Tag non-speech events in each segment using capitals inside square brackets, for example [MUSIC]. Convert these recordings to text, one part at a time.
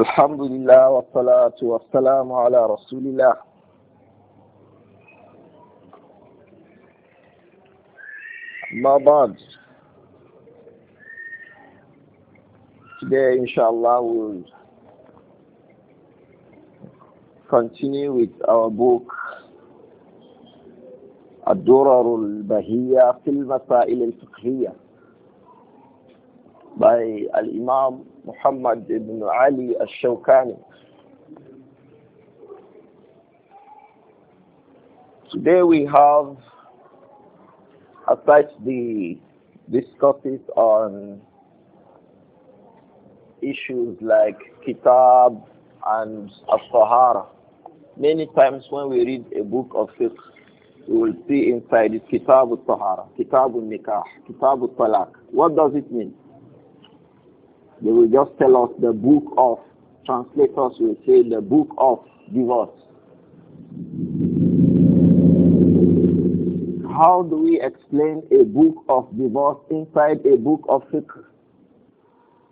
الحمد لله والصلاة والسلام على رسول الله ما بعد Today, inshallah, we'll continue with our book الدرر البهية في المسائل الفقهية by Al-Imam Muhammad ibn Ali al-Shawkani. Today we have, aside the discusses on issues like kitab and as-sahara, many times when we read a book of fiqh, we will see inside it kitab al-sahara, kitab al-nikah, kitab al-talaq. What does it mean? They will just tell us the book of. Translators will say the book of divorce. How do we explain a book of divorce inside a book of fiqh?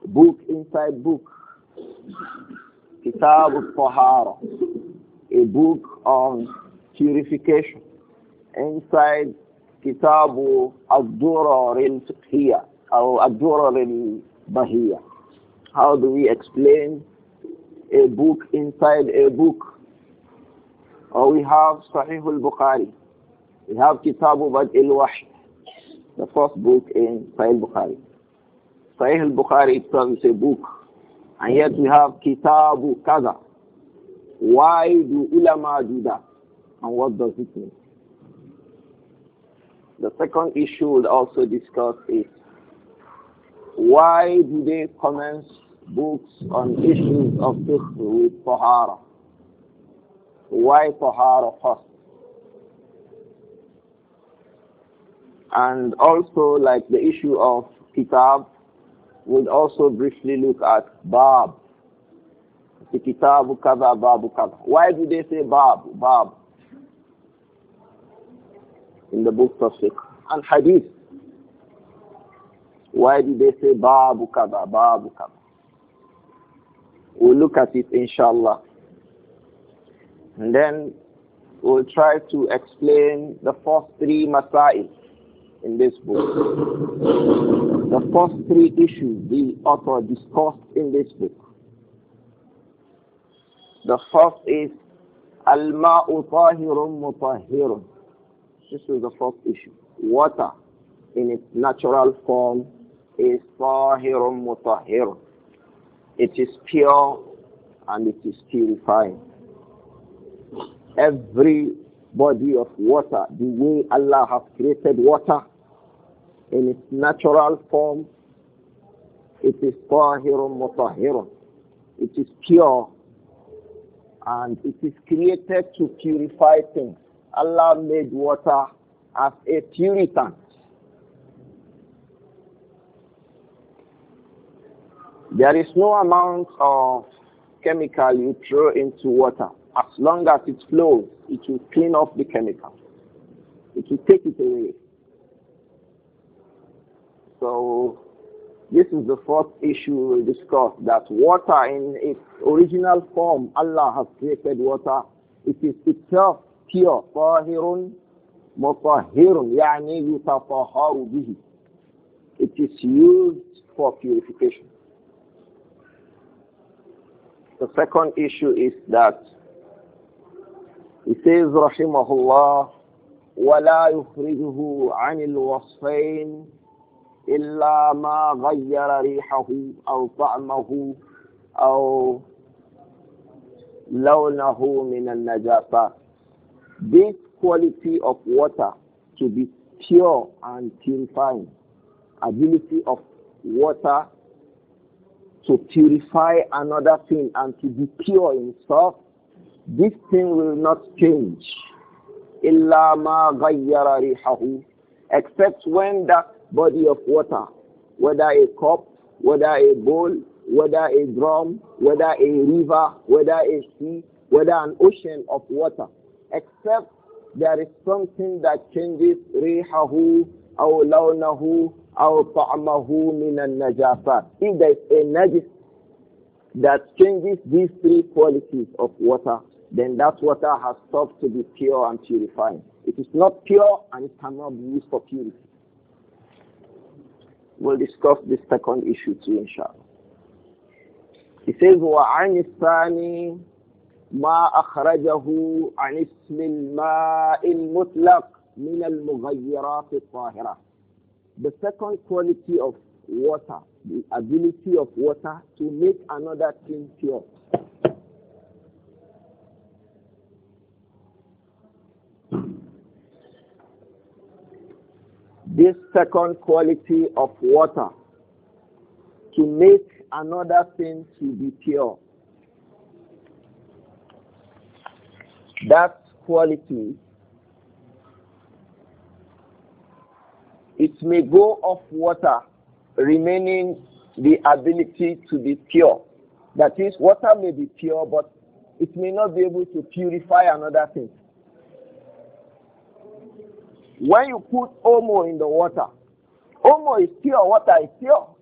Book inside book. Kitab al A book on purification. Inside Kitab al-Durar al-Fiqhiyah or al-Durar al-Bahiyah. How do we explain a book inside a book? Or we have Sahih al-Bukhari. We have Kitabu Bad al-Wahsh, the first book in Sahih al-Bukhari. Sahih al-Bukhari itself a book. And yet we have Kitabu Kaza. Why do ulama do that? And what does it mean? The second issue we'll also discuss is why do they commence books on issues of fiqh with Tahara? Why Tahara first? And also like the issue of Kitab, we'll also briefly look at Bab. The kitab Kaza, Babu Kaza. Why do they say Bab, Bab? In the books of fiqh and Hadith. Why did they say Babu Kaba, Babu Kaba? We'll look at it, inshallah. And then we'll try to explain the first three masai in this book. The first three issues the author discussed in this book. The first is Al-Ma'u Tahirun Mutahirun. This is the first issue. Water in its natural form is tahirun mutahhir. It is pure and it is purified. Every body of water, the way Allah has created water in its natural form, it is tahirun mutahhirun. It is pure and it is created to purify things. Allah made water as a puritan. There is no amount of chemical you throw into water. As long as it flows, it will clean off the chemical. It will take it away. So this is the fourth issue we discuss that water in its original form, Allah has created water. It is itself pure. طاهر مطهر يعني يتطهر به. It is used for purification. The second issue is that he says "Rahimahullah, الله ولا يخرجه عن الوصفين إلا ما غير ريحه أو طعمه أو لونه من النجاسة This quality of water to be pure and purifying, ability of water to purify another thing and to be pure in himself, this thing will not change. إِلَّا مَا غَيَّرَ رِيحَهُ Except when that body of water, whether a cup, whether a bowl, whether a drum, whether a river, whether a sea, whether an ocean of water, except there is something that changes رِيحَهُ أَوْ لَوْنَهُ if there is a najis that changes these three qualities of water then that water has stopped to be pure and purified it is not pure and it cannot be used for purity we'll discuss this second issue too inshallah he says وعن الثاني ما أخرجه عن اسم الماء المطلق من المغيرات الطاهرة the second quality of water, the ability of water to make another thing pure. This second quality of water to make another thing to be pure. That quality it may go off water, remaining the ability to be pure. That is, water may be pure, but it may not be able to purify another thing. When you put Omo in the water, Omo is pure, water is pure.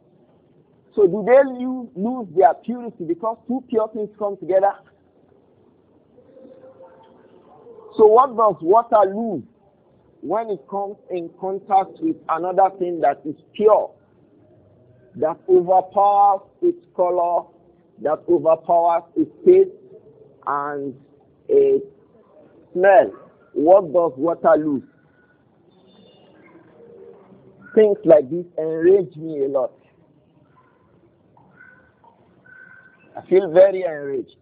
So do they lose, lose their purity because two pure things come together? So what does water lose? when it comes in contact with another thing that is pure, that overpowers its color, that overpowers its taste and its smell, what does water lose? Things like this enrage me a lot. I feel very enraged.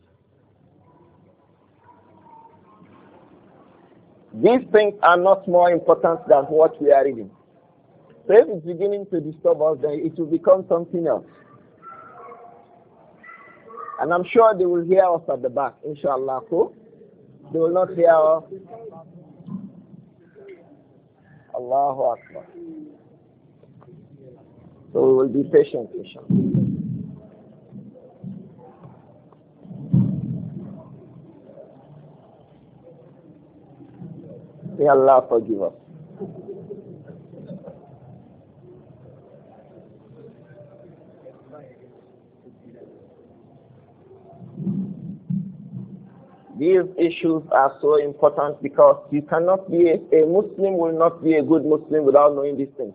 These things are not more important than what we are reading. So if it's beginning to disturb us, then it will become something else. And I'm sure they will hear us at the back, inshallah. They will not hear us. Allahu Akbar. So we will be patient, inshallah. May Allah forgive us. These issues are so important because you cannot be a, a Muslim will not be a good Muslim without knowing these things.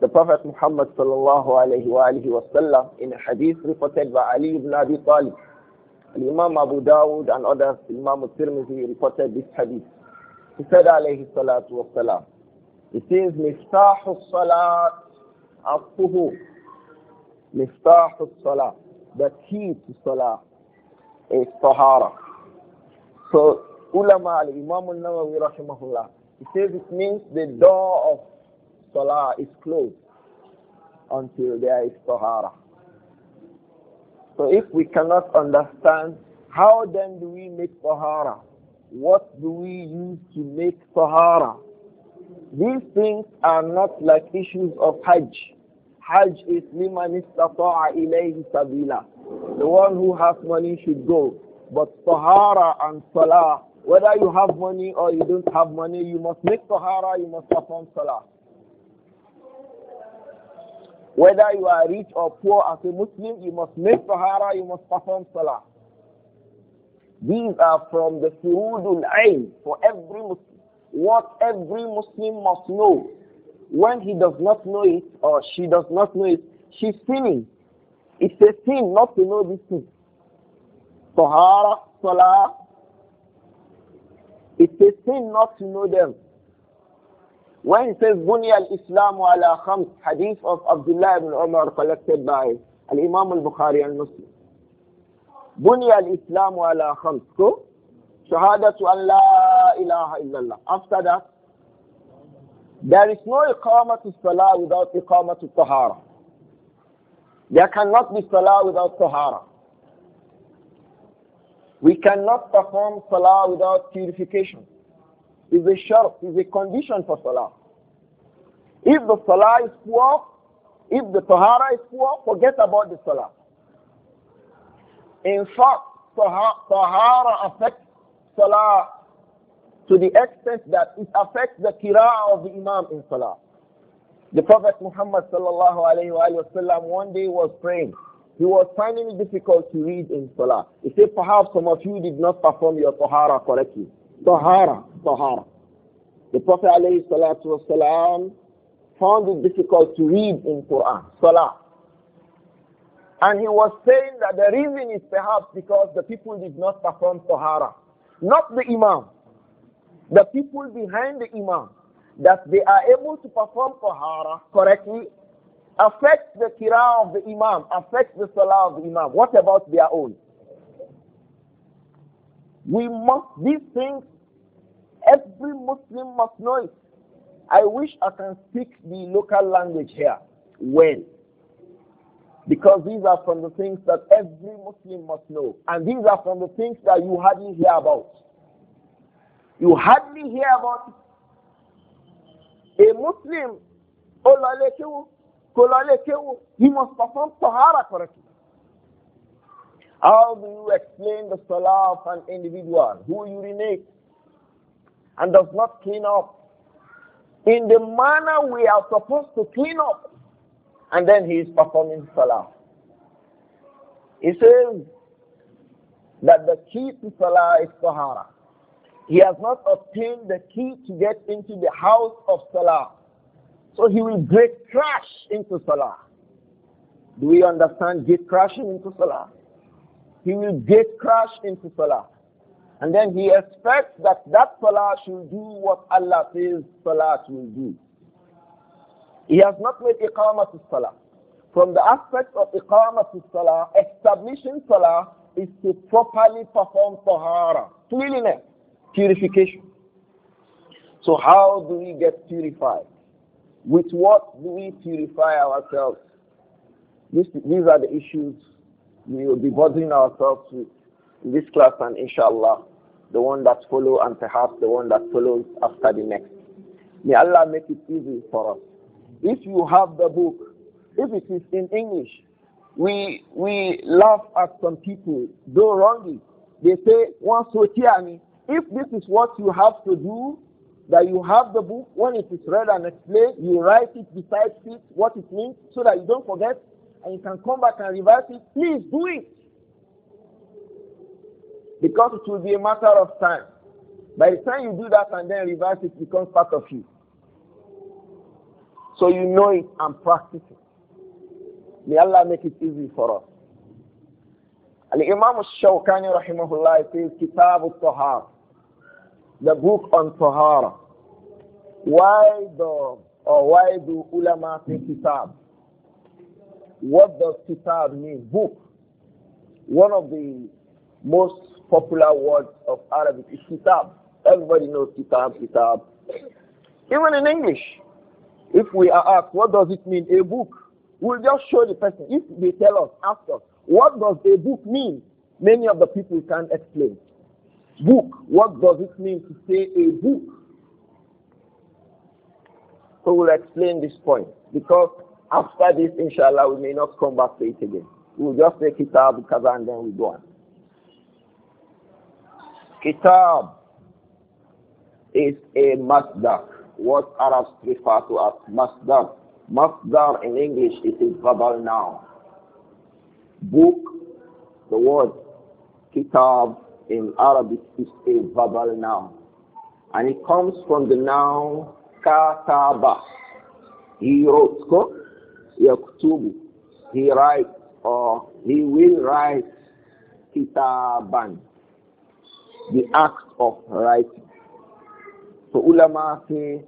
The Prophet Muhammad sallallahu alayhi wa wasallam in a hadith reported by Ali ibn Abi Talib, Imam Abu Dawud and others, Imam al-Tirmidhi reported this hadith. He said, alayhi salatu wa salam, it is Miftahu salat afuhu. Miftahu salat. The key to salah is tahara. So, ulama al-imam al-nawawi rahimahullah, he says it means the door of salah is closed until there is tahara. So if we cannot understand, how then do we make tahara? What do we use to make tahara? These things are not like issues of Hajj. Hajj is liman istata'a ilayhi sabila. The one who has money should go. But tahara and salah, whether you have money or you don't have money, you must make tahara, you must perform salah. Whether you are rich or poor as a Muslim, you must make tahara, you must perform salah. These are from the furudul ayn for every Muslim. What every Muslim must know. When he does not know it or she does not know it, she's sinning. It's a sin not to know this thing. Tahara, Salah. It's a sin not to know them. When says Bunya al-Islam ala khams, hadith of Abdullah ibn Umar collected by Al-Imam al-Bukhari and Muslim. بني الإسلام على خمس كو شهادة أن لا إله إلا الله after that there is no إقامة الصلاة without إقامة الطهارة there cannot be salah without طهارة we cannot perform salah without purification is a shart, is a condition for salah. If the salah is poor, if the tahara is poor, forget about the salah. In fact, tahara affects salah to the extent that it affects the qira'ah of the imam in salah. The Prophet Muhammad sallallahu alayhi wa sallam one day was praying. He was finding it difficult to read in salah. He said, perhaps some of you did not perform your tahara correctly. Tahara, tahara. The Prophet alayhi salatu wasalam found it difficult to read in Quran, salah. And he was saying that the reason is perhaps because the people did not perform Tahara. Not the Imam. The people behind the Imam. That they are able to perform Tahara correctly affects the Qira of the Imam, affects the Salah of the Imam. What about their own? We must, these things, every Muslim must know it. I wish I can speak the local language here well because these are from the things that every Muslim must know. And these are from the things that you hardly hear about. You hardly hear about a Muslim, he must perform Tahara correctly. How do you explain the salah of an individual who urinates and does not clean up in the manner we are supposed to clean up? and then he is performing salah. He says that the key to salah is tahara. He has not obtained the key to get into the house of salah. So he will break crash into salah. Do we understand gate crashing into salah? He will gate crash into salah. And then he expects that that salah should do what Allah says salah will do. He has not made iqamat salah. From the aspect of iqamat salah, establishing salah is to properly perform tahara, cleanliness, purification. So how do we get purified? With what do we purify ourselves? This, these are the issues we will be bothering ourselves with in this class and inshallah, the one that follow and perhaps the one that follows after the next. May Allah make it easy for us. If you have the book, if it is in English, we we laugh at some people, though wrongly. They say, once me, if this is what you have to do, that you have the book, when it is read and explained, you write it beside it, what it means, so that you don't forget, and you can come back and revise it. Please do it. Because it will be a matter of time. By the time you do that and then revise it, becomes part of you. So you know it and practice it. May Allah make it easy for us. Al-Imam shawkani rahimahullah says, Kitab al-Tahar, the book on Tahara. Why do or why do ulama say Kitab? What does Kitab mean? Book. One of the most popular words of Arabic is Kitab. Everybody knows Kitab, Kitab. Even in English, if we are asked, what does it mean, a book? We'll just show the person. If they tell us, ask us, what does a book mean? Many of the people can explain. Book, what does it mean to say a book? So we'll explain this point because after this, inshallah, we may not come back to it again. We'll just say kitab, kaza, and then we go on. Kitab is a masdar what Arabs refer to as masdar. Masdar in English is a verbal noun. Book, the word kitab in Arabic is a verbal noun. And it comes from the noun kataba. He wrote, yaktubu. He writes or he will write kitaban. The act of writing. So في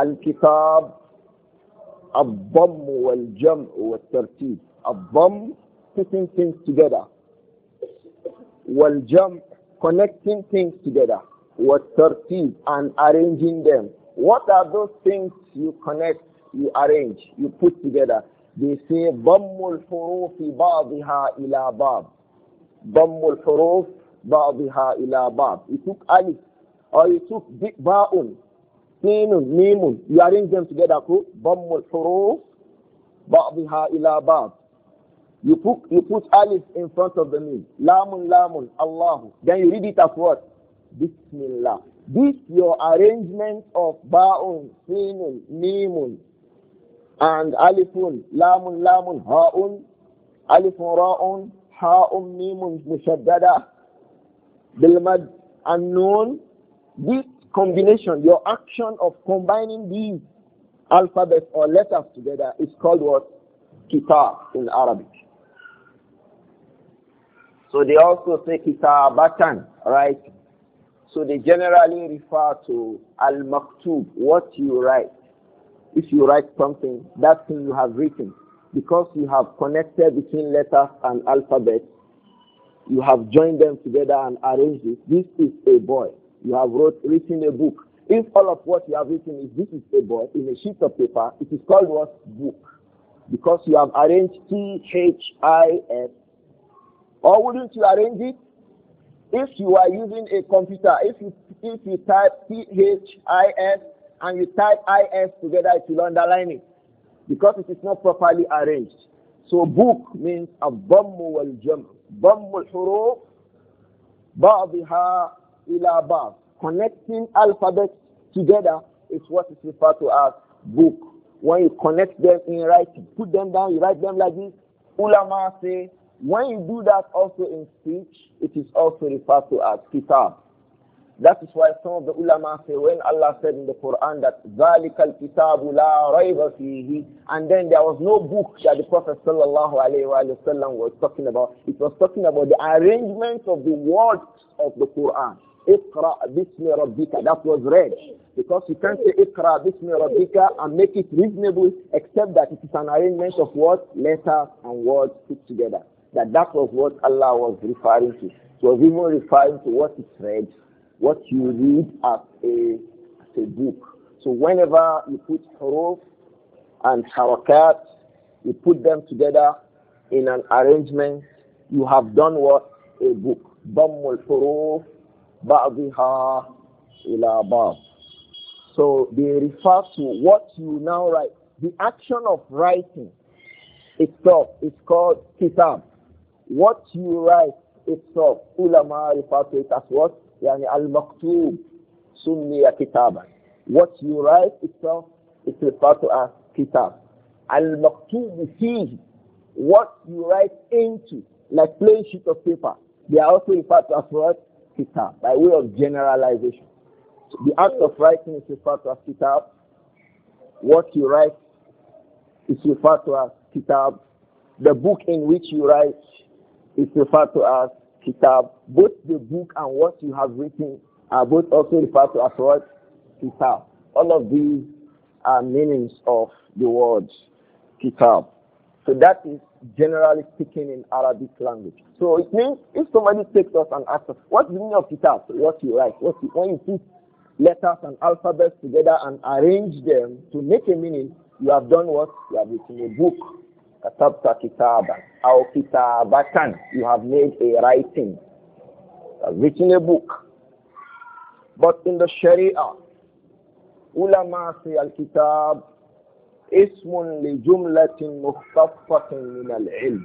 الكتاب الضم والجمع والترتيب الضم putting things together والجمع connecting things together والترتيب and arranging them what are those things you connect you arrange you put together they say ضم الحروف بعضها إلى بعض ضم الحروف بعضها إلى بعض you took alif Or you took ba'un, sinun, mimun. You arrange them together, Bammul huruf, ba'diha ila ba'd. You put, you put alif in front of the mim. Lamun, lamun, Allahu. Then you read it as what? Bismillah. This your arrangement of ba'un, sinun, mimun, and alifun, lamun, lamun, ha'un, alifun, ra'un, ha'un, mimun, mushaddada, bilmad, and this combination, your action of combining these alphabets or letters together is called what? Kitab in Arabic. So they also say kitabatan, right? So they generally refer to al-maktub, what you write. If you write something, that thing you have written, because you have connected between letters and alphabets, you have joined them together and arranged it. This is a boy you have wrote, written a book. If all of what you have written is this is a boy in a sheet of paper, it is called what book? Because you have arranged T H I S. Or wouldn't you arrange it? If you are using a computer, if you if you type T H I S and you type I S together, it will underline it because it is not properly arranged. So book means a wal jam. Dhammu al-huruf ba'daha ila Connecting alphabets together is what is referred to as book. When you connect them in writing, put them down, you write them like this. Ulama say, when you do that also in speech, it is also referred to as kitab. That is why some of the ulama say when Allah said in the Quran that Zalikal Kitabu la rayba and then there was no book that the Prophet sallallahu was talking about. It was talking about the arrangement of the words of the Quran. Iqra bismi rabbika. That was read. Because you can't say Iqra bismi rabbika and make it reasonable except that it is an arrangement of words, letters, and words put together. That that was what Allah was referring to. So was even referring to what is read, what you read as a, as a book. So whenever you put huruf and harakat, you put them together in an arrangement, you have done what? A book. Dammul huruf بَعْضِهَا إِلَى بَعْضٍ So they refer to what you now write. The action of writing itself is called kitab. What you write itself, ulama refer to it as what? Yani al-maktub, sunniya kitaban. What you write itself is referred to as kitab. Al-maktub fihi, what you write into, like plain sheet of paper. They are also referred to as what? kitab by way of generalization. So the act of writing is referred to as kitab. What you write is referred to as kitab. The book in which you write is referred to as kitab. Both the book and what you have written are both also referred to as what? Kitab. All of these are meanings of the word kitab. So that is generally speaking in Arabic language. So it means if somebody takes us and asks us, what's the meaning of kitab? What you write? What you, when you put letters and alphabets together and arrange them to make a meaning, you have done what? You have written a book. Katabta kitaban. Aw kitabatan. You have made a writing. You have written a book. But in the Sharia, ulama say al-kitab اسم لجملة مختصة من العلم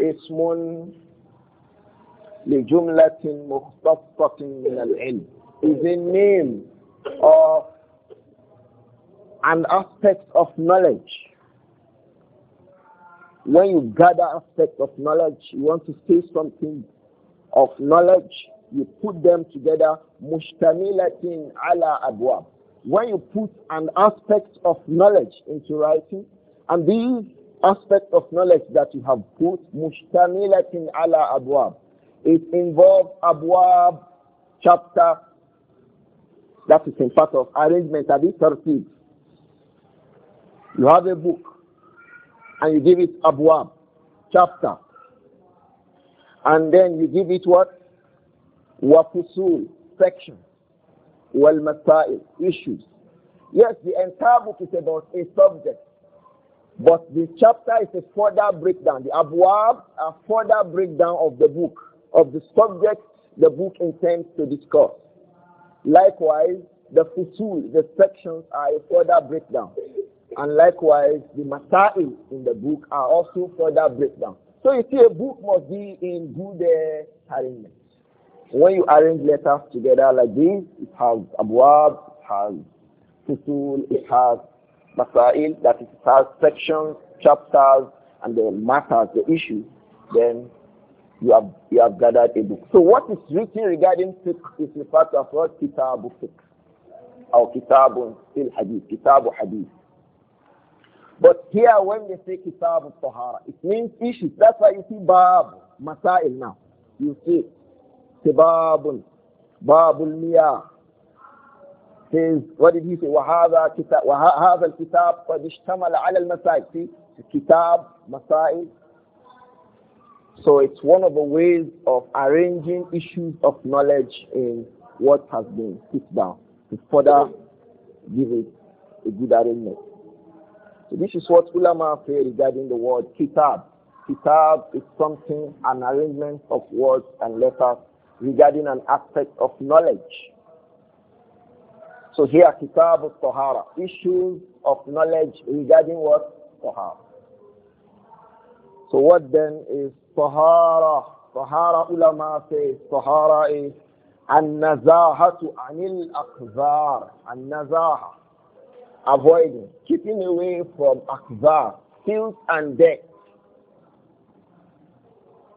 اسم لجملة مختصة من العلم is a name of an aspect of knowledge when you gather aspects of knowledge, you want to say something of knowledge, you put them together, when you put an aspect of knowledge into writing, and these aspect of knowledge that you have put, mushtamilatin ala abwab, it involves abwab, chapter, that is in part of arrangement, abi tartib. You have a book, and you give it abwab, chapter, and then you give it what? Wafusul, section wal-masail, issues. Yes, the entire book is about a subject, but the chapter is a further breakdown. The abwab, a further breakdown of the book, of the subject the book intends to discuss. Likewise, the fusul, the sections are a further breakdown. And likewise, the masail in the book are also further breakdown. So you see, a book must be in good uh, arrangement. When you arrange letters together like this, it has abwab, it has fusul, it has masail, that it has sections, chapters, and the matters, the issues, then you have, you have gathered a book. So what is written regarding fiqh is referred to as what? Kitabu fiqh. Or kitabun still hadith. Kitabu hadith. But here when they say kitabu tahara, it means issues. That's why you see bab, masail now. You see say babun, babul miyah. what did he say? وَهَذَا كِتَابٌ الْكِتَابُ قَدْ اشْتَمَلَ عَلَى See, kitab, So it's one of the ways of arranging issues of knowledge in what has been put down to further give it a good arrangement. So this is what ulama say regarding the word kitab. Kitab is something, an arrangement of words and letters regarding an aspect of knowledge. So here, Kitab al-Tahara, issues of knowledge regarding what? Tahara. So what then is Tahara? Tahara ulama says Tahara is an to anil akzar. An-Nazaha. Avoiding, keeping away from akzar, filth and death.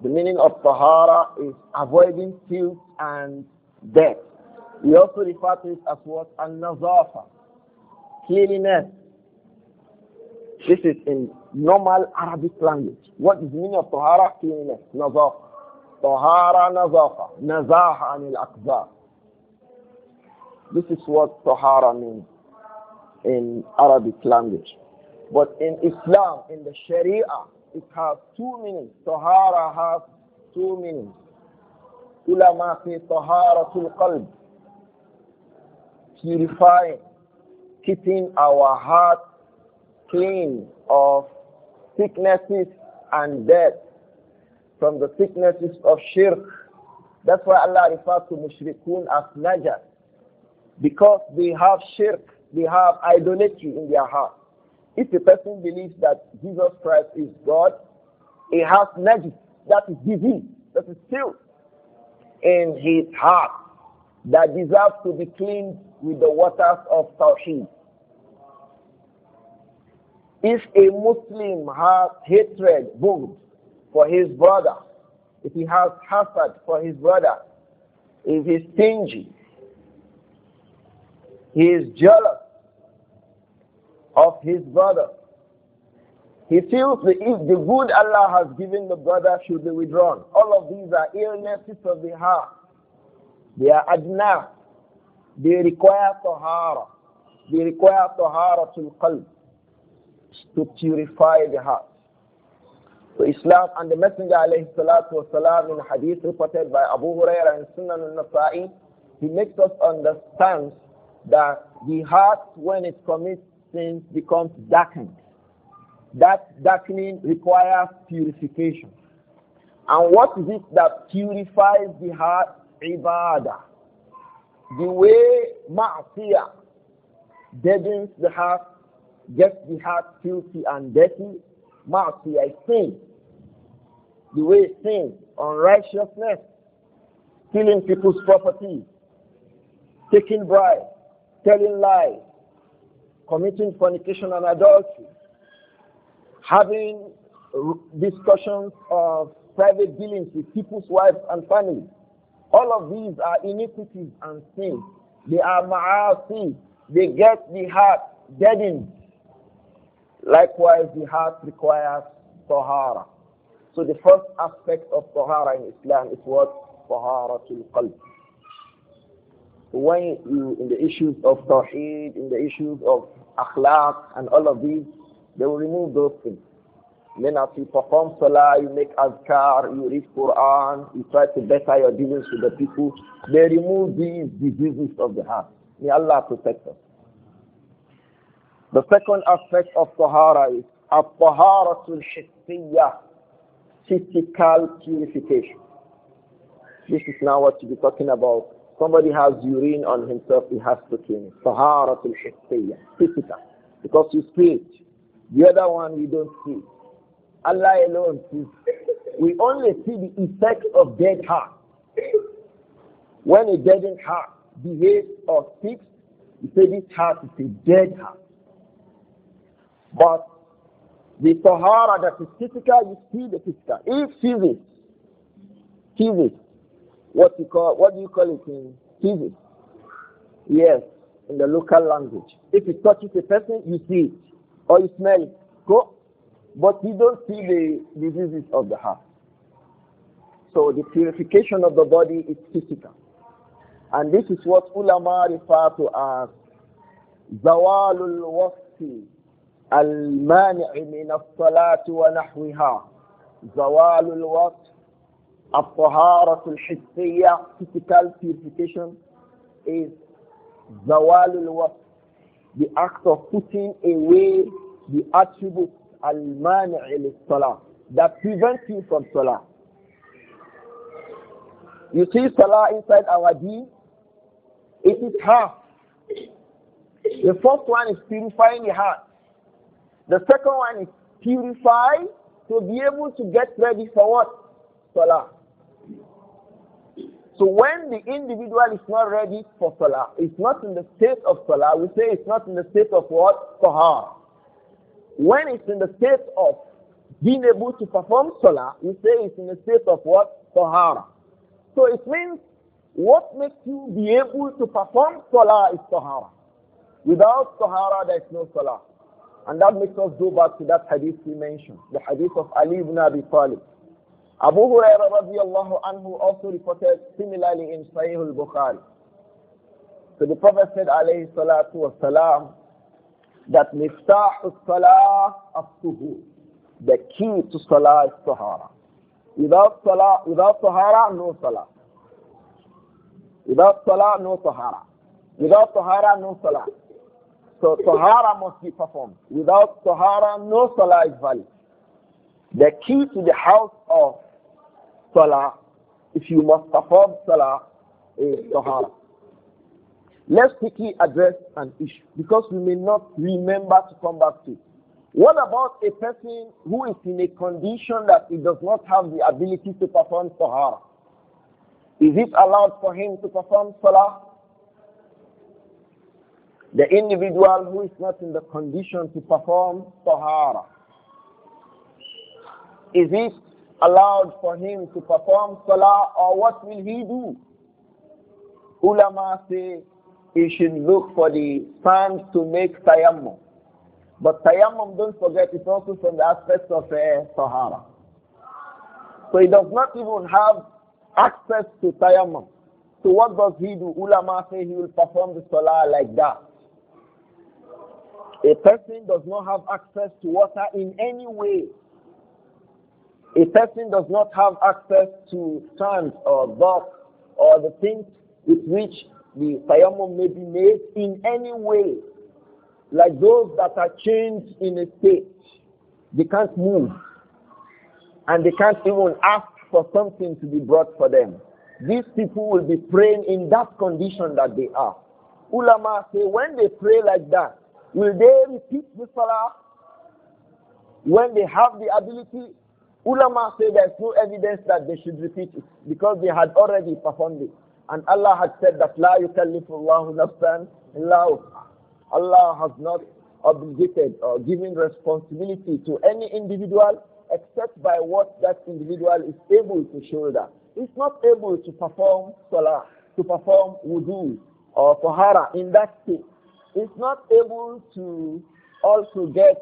The meaning of tahara is avoiding filth and death. We also refer to it as what? An-nazafa, cleanliness. This is in normal Arabic language. What is the meaning of tahara? Cleanliness, nazafa. Tahara, nazafa, nazaha anil akbar. This is what tahara means in Arabic language. But in Islam, in the Sharia, it has two meanings. Tahara has two meanings. Ulama say tul qalb. Purifying, keeping our heart clean of sicknesses and death from the sicknesses of shirk. That's why Allah refers to mushrikun as najas. Because they have shirk, they have idolatry in their heart. If a person believes that Jesus Christ is God, he has najis, that is disease, that is still in his heart that deserves to be cleaned with the waters of Tawheed. If a Muslim has hatred, bughd for his brother, if he has hatred for his brother, if he's stingy, he is jealous, of his brother. He feels the, the good Allah has given the brother should be withdrawn. All of these are illnesses of the heart. They are adna. They require tahara. They require tahara to qalb to purify the heart. So Islam and the Messenger alayhi salatu wasalam in hadith reported by Abu Hurairah and Sunan al-Nasa'i, he makes us understand that the heart when it commits things becomes darkened. That darkening requires purification. And what is it that purifies the heart? Ibadah. The way ma'asiyah deadens the heart, gets the heart filthy and dirty. Ma'asiyah is sin. The way sin, unrighteousness, stealing people's property, taking bribes, telling lies, committing fornication and adultery, having discussions of private dealings with people's wives and families. All of these are iniquities and sins. They are ma'asi. They get the heart deadened. Likewise, the heart requires tahara. So the first aspect of tahara in Islam is what? Tahara to qalb when you, mm, in the issues of tawheed, in the issues of akhlaq and all of these, they will remove those things. Then as you perform salah, you make azkar, you read Quran, you try to better your dealings with the people, they remove these diseases of the heart. May Allah protect us. The second aspect of tahara is at-taharatul hissiyah, physical purification. This is now what you'll be talking about Somebody has urine on himself, he has to clean it. Taharatul Hittiyah, physical, because you see it. The other one we don't see. Allah alone sees. We only see the effect of dead heart. When a deadened heart behaves or speaks, you say this heart is a dead heart. But the Tahara that is physical, you see the physical. He sees it. Sees it what you call what do you call it in physics? Yes, in the local language. If it touches a person, you see it or you smell it. Go. But you don't see the diseases of the heart. So the purification of the body is physical. And this is what ulama refer to as zawalul wasfi al-mani'i min al salat wa nahwiha. Zawalul wasfi at-taharatul hissiyya, physical purification, is zawalul wasf, the act of putting away the attributes al-mani'i salah that prevent you from salah. You see salah inside our deen, it is half. The first one is purifying the heart. The second one is purify to be able to get ready for what? Salah. So when the individual is not ready for salah, it's not in the state of salah, we say it's not in the state of what? Tahar. When it's in the state of being able to perform salah, we say it's in the state of what? Tahara. So it means what makes you be able to perform salah is tahara. Without tahara, there is no salah. And that makes us go back to that hadith we mentioned, the hadith of Ali ibn Abi Talib. Abu Hurairah radiallahu anhu also reported similarly in Sahih al-Bukhari. So the Prophet said alayhi salatu was salam that miftah salah of suhu. The key to salah is tahara. Without salah, without tahara, no salah. Without salah, no tahara. Without tahara, no salah. So tahara must be performed. Without tahara, no salah is valid. The key to the house of salah, if you must perform salah, in eh, tahara. Let's quickly address an issue because we may not remember to come back to. What about a person who is in a condition that he does not have the ability to perform tahara? Is it allowed for him to perform salah? The individual who is not in the condition to perform tahara. Is it allowed for him to perform salah or what will he do? Ulama say he should look for the sand to make tayammum. But tayammum, don't forget, is also from the aspect of uh, eh, Sahara. So he does not even have access to tayammum. So what does he do? Ulama say he will perform the salah like that. A person does not have access to water in any way a person does not have access to stands or bath or the things with which the tayammum may be made in any way, like those that are changed in a state. They can't move, and they can't even ask for something to be brought for them. These people will be praying in that condition that they are. Ulama say, when they pray like that, will they repeat the salah? When they have the ability Ulama say there's no evidence that they should repeat it because they had already performed it. And Allah had said that La yukallifullahu illa Allah has not obligated or given responsibility to any individual except by what that individual is able to shoulder. He's not able to perform salah, to perform wudu or tahara in that state. He's not able to also get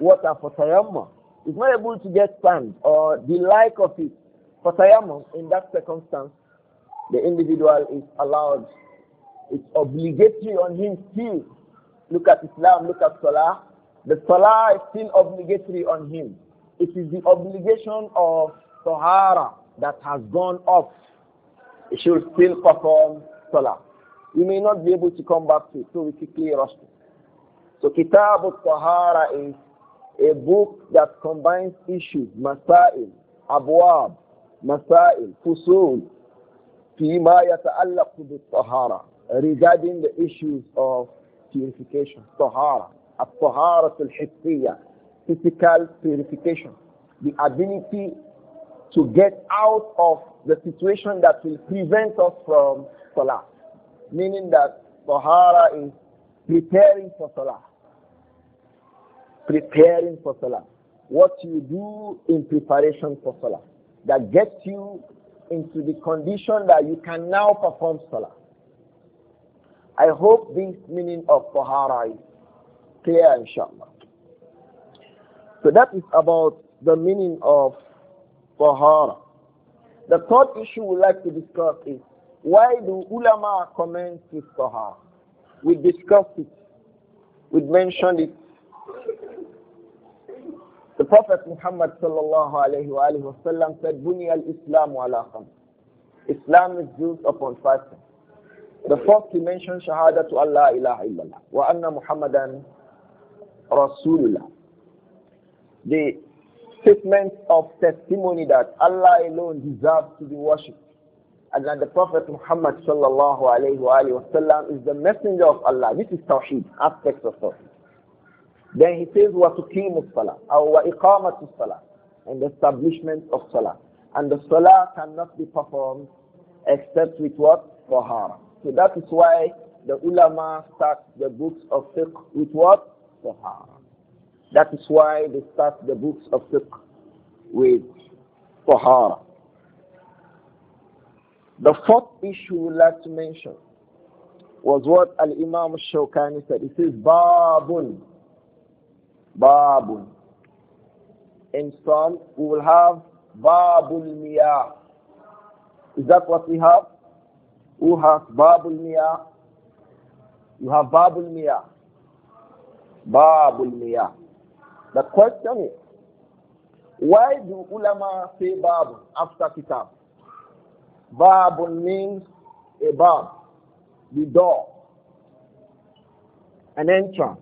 water for tayammum is not able to get sand or the like of it for tayammum, in that circumstance, the individual is allowed. It's obligatory on him still. Look at Islam, look at Salah. The Salah is still obligatory on him. It is the obligation of Sahara that has gone off. He should still perform Salah. You may not be able to come back to it, so we quickly rush to So Kitab al-Tahara is a book that combines issues, masail, abwab, masail, fusul, فيما يتعلق tahara regarding the issues of purification, طهارة, al الحسية, physical purification, the ability to get out of the situation that will prevent us from salah, meaning that Tahara is preparing for salah preparing for Salah. What you do in preparation for Salah that gets you into the condition that you can now perform Salah. I hope this meaning of Tahara is clear, inshallah. So that is about the meaning of Tahara. The third issue we'd like to discuss is why do ulama commence with Tahara? We discussed it. We mentioned it the Prophet Muhammad sallallahu alayhi wa alayhi wa said, Bunya al-Islam ala kham. Islam is built upon five things. The first he mentioned Shahada to Allah ilaha illallah wa anna Muhammadan Rasulullah. The statement of testimony that Allah alone deserves to be worshipped and that the Prophet Muhammad sallallahu alayhi wa alayhi wa sallam is the messenger of Allah. This is Tawheed, aspects of Tawheed. Then he says, وَتُقِيمُ الصَّلَاةِ or وَإِقَامَةُ الصَّلَاةِ and the establishment of salah. And the salah cannot be performed except with what? Tahara. So that is why the ulama start the books of fiqh with what? Tahara. That is why they start the books of fiqh with Tahara. The fourth issue we'd like to mention was what Al-Imam shawkani said. He says, Babun Babun. In some, we will have Babul Miyah. Is that what we have? Who has Babul Miyah? You have Babul Miyah. Babul Miyah. The question is, why do ulama say Babun after Kitab? Babun means a bab, the door, an entrance.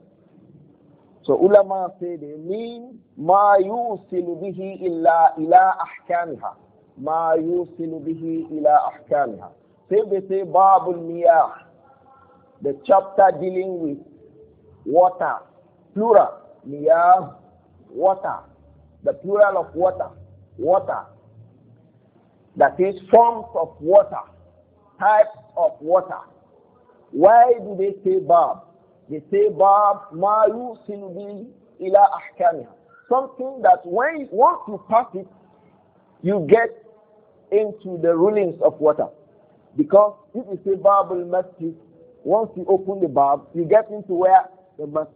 So ulama say they mean ma yusilu bihi illa ila ahkamiha. Ma yusilu bihi ila ahkamiha. Say they say babul miyah. The chapter dealing with water. Plural. Miyah, water. The plural of water. Water. That is forms of water. Types of water. Why do they say bab? They say Bab Maru Silbi ila ahkamiha. Something that when you, once you pass it, you get into the rulings of water. Because if you say Babul Masjid, once you open the Bab, you get into where the Masjid.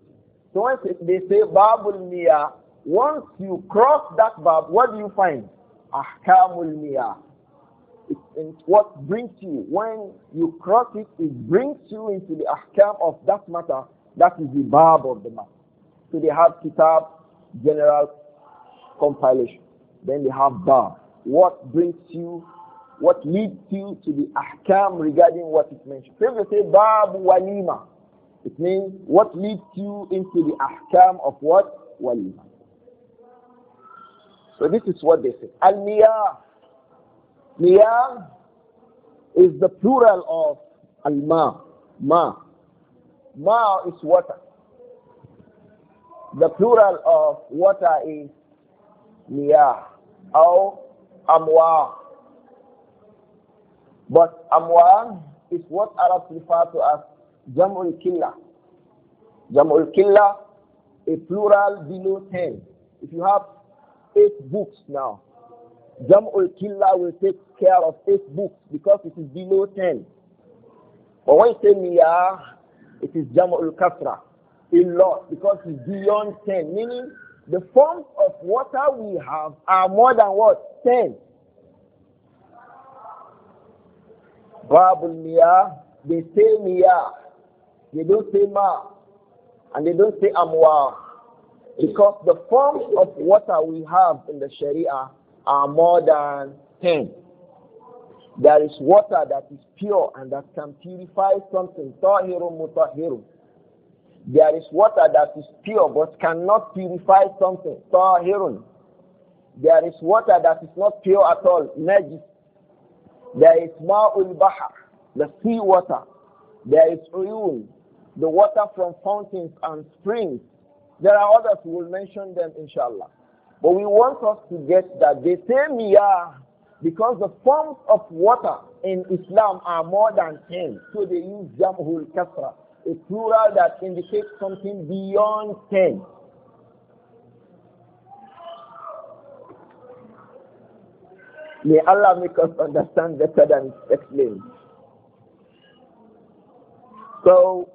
So once they say Babul Miyah, once you cross that Bab, what do you find? Ahkamul Miyah it, what brings you. When you cross it, it brings you into the ahkam of that matter. That is the barb of the matter. So they have kitab, general compilation. Then they have bab. What brings you, what leads you to the ahkam regarding what is mentioned. So if they say barb walima, it means what leads you into the ahkam of what? Walima. So this is what they say. al Miyah is the plural of al-ma. Ma. Ma is water. The plural of water is miyah or amwa. But amwa is what Arabs refer to as jamul killa. Jamul killa, a plural below 10. If you have eight books now, Jam'ul Killa will take care of eight books because it is below ten. But when you say Miyah, it is Jam'ul Kasra, a lot, because it's beyond ten, meaning the forms of water we have are more than what? Ten. Babul Miyah, they say Miyah, they don't say Ma, and they don't say Amwa, because the forms of water we have in the Sharia are more than 10. There is water that is pure and that can purify something. There is water that is pure but cannot purify something. There is water that is not pure at all. Najis. There is ma'ul bahar, the sea water. There is uyun, the water from fountains and springs. There are others, we will mention them inshallah. But we want us to get that they say miyah because the forms of water in Islam are more than 10. So they use jamhul kasra, a plural that indicates something beyond 10. May Allah make us understand better than explain. So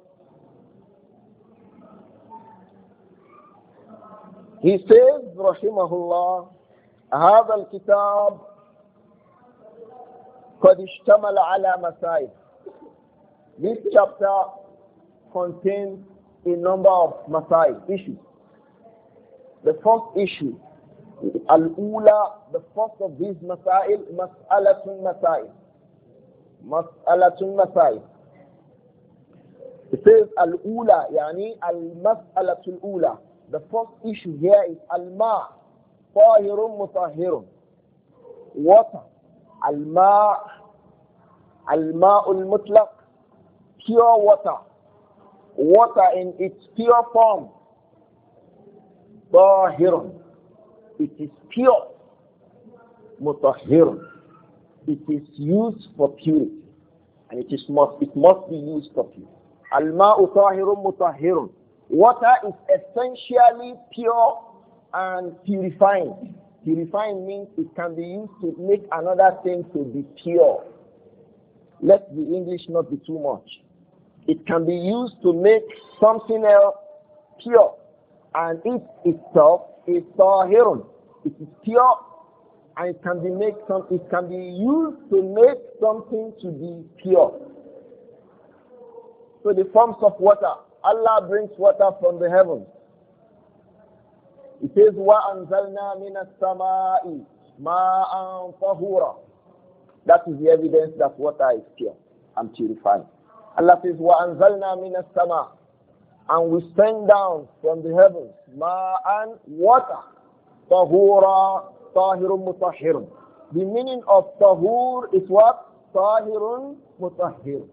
He says, "Rahimahullah, هذا الكتاب قد اشتمل على مسائل. This chapter contains a number of masail, issues. The first issue, al-ula, the first of these masail, mas'alatun masail. Mas'alatun masail. It says al-ula, yani al-mas'alatul ula. The first issue here is al-ma, tahirun mutahirun. Water, al-ma, al-ma'ul mutlaq, pure water. Water in its pure form, tahirun. It is pure, Mutahirun, It is used for purity. And it, is must, it must be used for purity. Al-ma'u tahirun mutahirun. Water is essentially pure and purifying. Purifying means it can be used to make another thing to be pure. Let the English not be too much. It can be used to make something else pure. And it itself is tahirun. It is pure and it can be made some it can be used to make something to be pure. So the forms of water Allah brings water from the heavens. It says, وَأَنزَلْنَا مِنَ السَّمَاءِ مَاءً طَهُورًا That is the evidence that water is pure and purifying. Allah says, وَأَنزَلْنَا مِنَ السَّمَاءِ And we send down from the heavens مَاءً water طَهُورًا طَاهِرٌ مُطَهِّرٌ The meaning of tahur is what? طَاهِرٌ مُطَهِّرٌ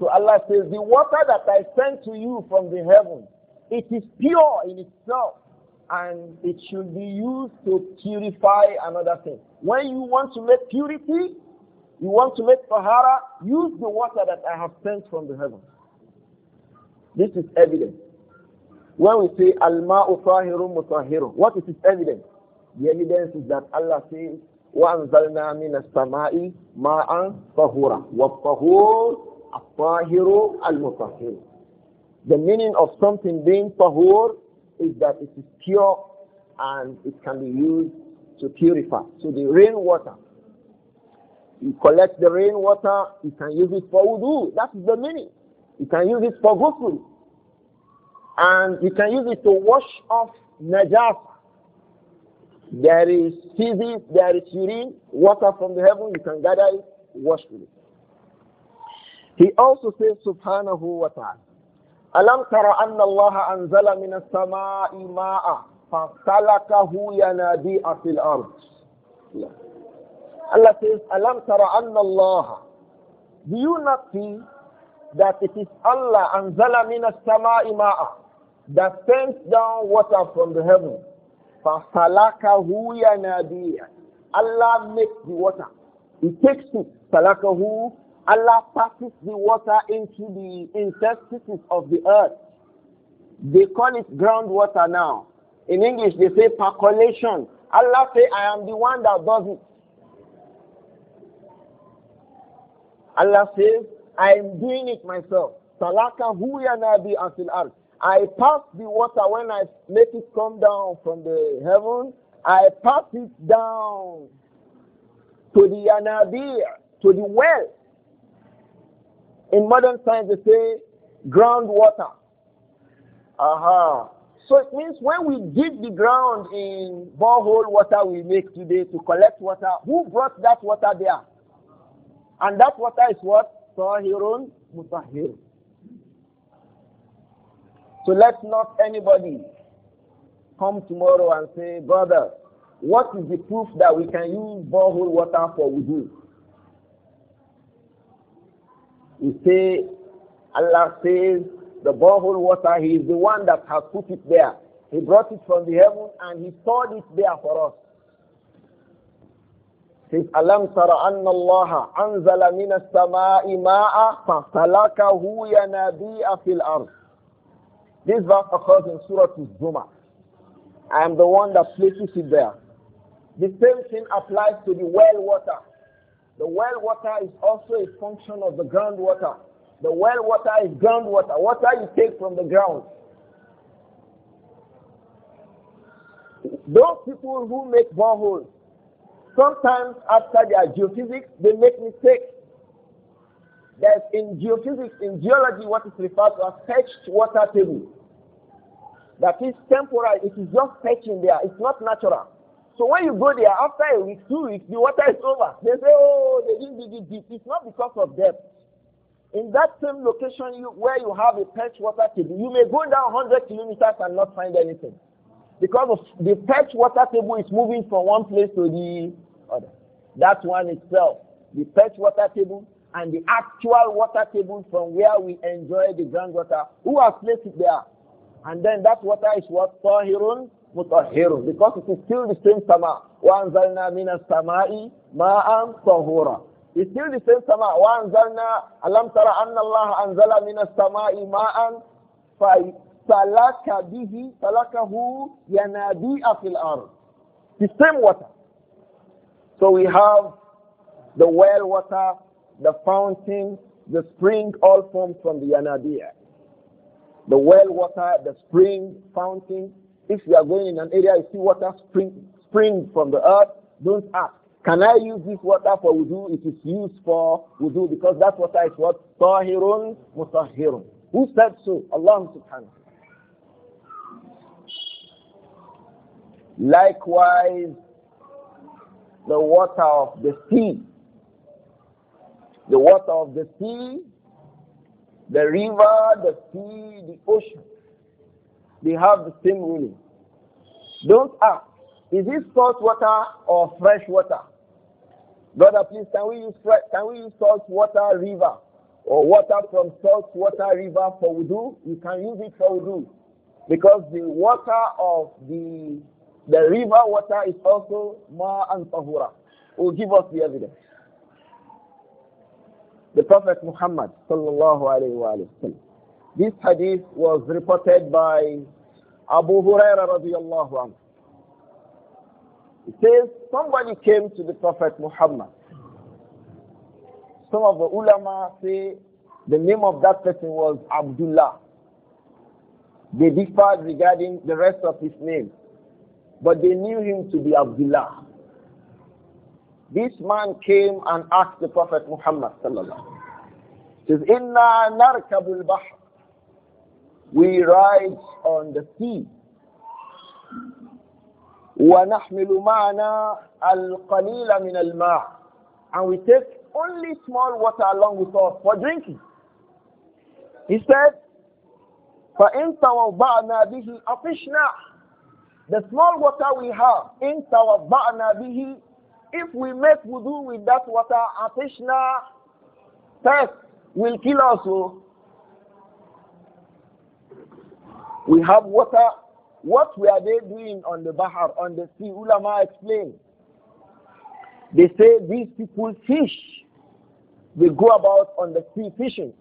so Allah says, The water that I send to you from the heaven, it is pure in itself and it should be used to purify another thing. When you want to make purity, you want to make tahara, use the water that I have sent from the heaven. This is evidence. When we say Al-Ma'u Tahiru Mutahiru, what is evidence? The evidence is that Allah says, وَأَنزَلْنَا مِنَ السَّمَاءِ مَاءً طَهُورًا وَالطَّهُورُ at-tahiru al-mutahhir. The meaning of something being tahur is that it is pure and it can be used to purify. So the rainwater, you collect the rainwater, you can use it for wudu. That's the meaning. You can use it for ghusl. And you can use it to wash off najas. There is feces, there is urine, water from the heaven, you can gather it, wash with it. He also says, Subhanahu wa ta'ala, أَلَمْ تَرَ أَنَّ اللَّهَ أَنزَلَ مِنَ السَّمَاءِ مَاءً فَسَلَكَهُ يَنَابِيعَ فِي الْأَرْضِ Allah says, أَلَمْ تَرَ أَنَّ اللَّهَ Do you not see that it is Allah أَنزَلَ مِنَ السَّمَاءِ مَاءً that sends down water from the heaven. فَسَلَكَهُ يَنَابِيعَ Allah makes the water. He takes it. سَلَكَهُ Allah passes the water into the interstices of the earth. They call it groundwater now. In English, they say percolation. Allah says, I am the one that does it. Allah says, I am doing it myself. Salaka huyanabi asil arq. I pass the water when I make it come down from the heaven. I pass it down to the yanabir, to the well. In modern times, they say groundwater. Aha. Uh -huh. So it means when we dig the ground in borehole water we make today to collect water, who brought that water there? And that water is what? Tahirun Mutahir. So let not anybody come tomorrow and say, brother, what is the proof that we can use borehole water for wudu? You say, Allah says, the borehole water, He is the one that has put it there. He brought it from the heaven and He stored it there for us. Says, Alam tara anna Allah anzala min as-sama'i ma'a fasalakahu yanabi'a fil ard. This verse occurs in Surah Az-Zumar. I am the one that places it there. The same thing applies to the well water. The well water is also a function of the groundwater. The well water is groundwater, water you take from the ground. Those people who make boreholes, sometimes after their geophysics, they make mistakes. There's in geophysics, in geology, what is referred to as fetched water table. That is temporary, it is just fetching there, it's not natural. So when you go there, after a week, two weeks, the water is over. They say, oh, they didn't dig it deep. It's not because of depth. In that same location you, where you have a perch water table, you may go down 100 kilometers and not find anything. Because the perch water table is moving from one place to the other. That one itself, the perch water table and the actual water table from where we enjoy the groundwater, who has placed it there? And then that water is what? Tahirun mutahhirun because it is still the same sama. وَأَنْزَلْنَا مِنَ السَّمَاءِ مَاءً طَهُورًا It's still the same sama. Anzalna من sama'i ma'an تَرَ أَنَّ اللَّهَ أَنْزَلَ مِنَ السَّمَاءِ mina فَسَلَكَ fi ماء سَلَكَهُ يَنَابِيعَ ينابيع fil الْأَرْضِ The same water. So we have the well water, the fountain, the spring all formed from the Yanabiya. The well water, the spring, fountain, if you are going in an area, you see water spring, spring from the earth, don't ask. Can I use this water for wudu? It is used for wudu because that water is what? Tahirun mutahirun. Who said so? Allah subhanahu Likewise, the water of the sea. The water of the sea, the river, the sea, the ocean they have the same ruling. Don't ask, is this salt water or fresh water? Brother, please, can we use can we use salt water river or water from salt water river for wudu? You can use it for wudu because the water of the the river water is also ma and tahura. Will give us the evidence. The Prophet Muhammad sallallahu alaihi wasallam. This hadith was reported by Abu Huraira radiallahu anhu. It says, somebody came to the Prophet Muhammad. Some of the ulama say the name of that person was Abdullah. They differed regarding the rest of his name, but they knew him to be Abdullah. This man came and asked the Prophet Muhammad sallallahu alaihi wasallam, "Says inna narkabul bahr we ride on the sea. ونحمل معنا القليل من الماء and we take only small water along with us for drinking. He said, فَإِن تَوَضَّعْنَا بِهِ أَطِشْنَا The small water we have, إِن تَوَضَّعْنَا بِهِ If we make wudu with that water, أَطِشْنَا Thirst will kill us. Oh. We have water. What were they doing on the Bahar, on the sea? Ulama explained. They say these people fish. They go about on the sea fishing.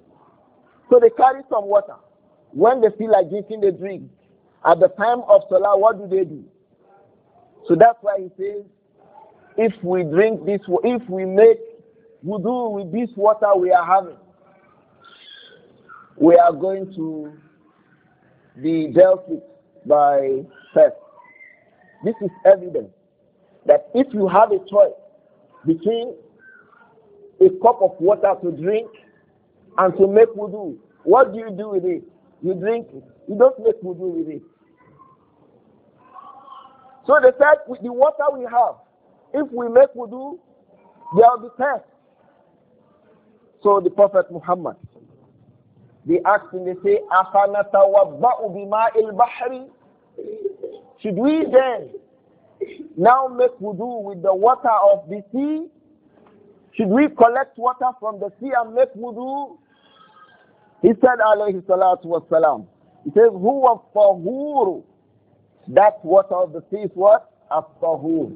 So they carry some water. When they feel like drinking, they drink. At the time of Salah, what do they do? So that's why he says, if we drink this, if we make wudu with this water we are having, we are going to be dealt with by first. This is evidence that if you have a choice between a cup of water to drink and to make wudu, what do you do with it? You drink it. You don't make wudu with it. So they said, with the water we have, if we make wudu, there will be thirst. So the Prophet Muhammad they ask him, they say, أَفَنَتَوَضَّأُ بِمَاءِ Bahri, Should we then now make wudu with the water of the sea? Should we collect water from the sea and make wudu? He said, alayhi salatu wasalam, he says, huwa fahuru. That water of the sea is what? Afahur.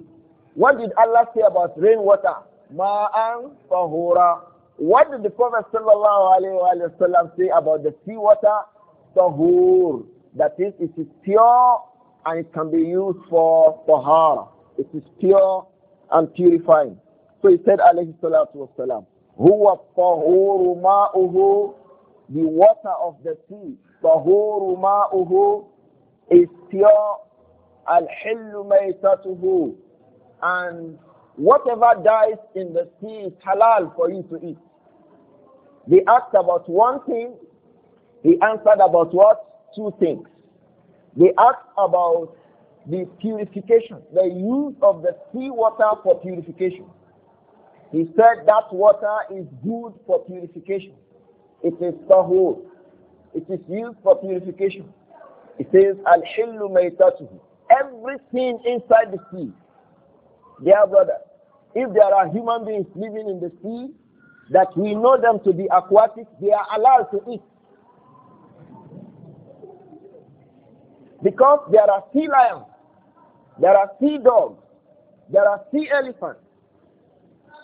What did Allah say about rainwater? Ma'an fahura. What did the Prophet ﷺ say about the seawater? Tahur. That is, it is pure and it can be used for tahara. It is pure and purifying. So he said, alayhi salatu wasalam, Huwa tahuru ma'uhu, the water of the sea, tahuru ma'uhu, is pure, al-hillu maytatuhu, and Whatever dies in the sea is halal for you to eat. They asked about one thing, he answered about what? Two things. They asked about the purification, the use of the sea water for purification. He said that water is good for purification. It is tahur. It is used for purification. It says, Al-Hillu Everything inside the sea Dear brother, if there are human beings living in the sea that we know them to be aquatic, they are allowed to eat. Because there are sea lions, there are sea dogs, there are sea elephants.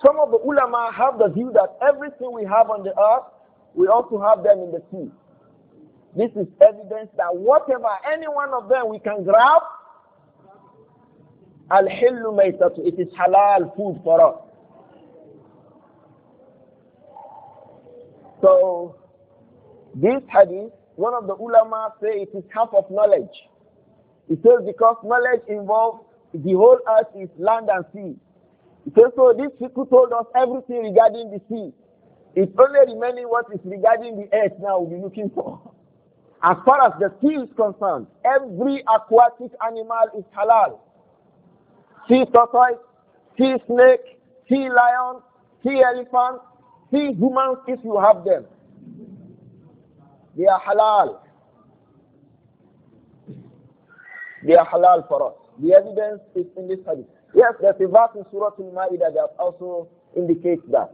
Some of the ulama have the view that everything we have on the earth, we also have them in the sea. This is evidence that whatever any one of them we can grab, Al-Hillu it is halal food for us. So, this hadith, one of the ulama say it is half of knowledge. He says because knowledge involves the whole earth is land and sea. He says so this people told us everything regarding the sea. It's only remaining what is regarding the earth now we'll be looking for. [LAUGHS] As far as the sea is concerned, every aquatic animal is halal see tortoise, see snake, see lion, see elephant, see humans if you have them. They are halal. They are halal for us. The evidence is in this hadith. Yes, there's a verse in Surah Al-Ma'idah that also indicates that.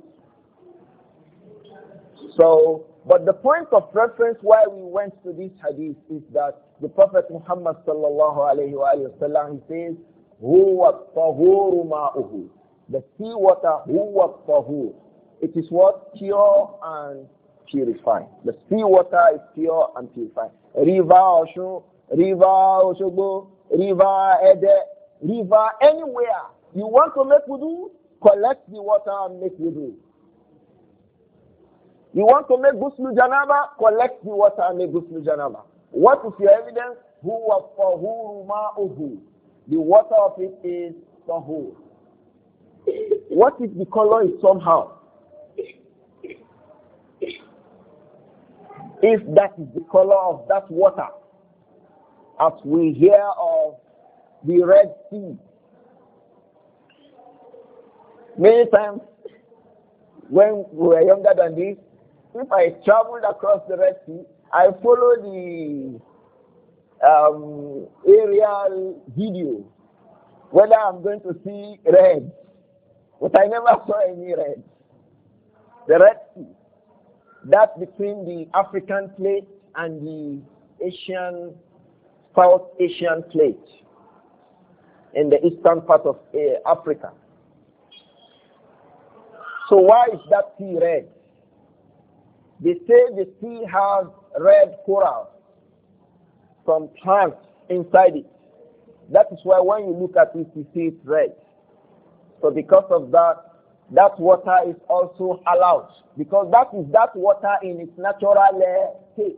So, but the point of reference why we went to this hadith is that the Prophet Muhammad sallallahu alayhi wa sallam, he says, huwa tahuru ma'uhu. The sea water, huwa tahur. It is what? Pure and purified. The sea water is pure and purified. River Osho, river Oshogbo, river Ede, river anywhere. You want to make wudu? Collect the water and make wudu. You want to make ghusl janaba? Collect the water and make ghusl janaba. What is your evidence? Huwa tahuru ma'uhu the water of it is tahur. What if the color is somehow? If that is the color of that water, as we hear of the Red Sea, many times when we were younger than this, if I traveled across the Red Sea, I followed the um, aerial video, whether I'm going to see red. But I never [LAUGHS] saw any red. The Red Sea, that between the African plate and the Asian, South Asian plate in the eastern part of uh, Africa. So why is that sea red? They say the sea has red coral some plants inside it. That is why when you look at it, you see it red. So because of that, that water is also allowed because that is that water in its natural eh, state.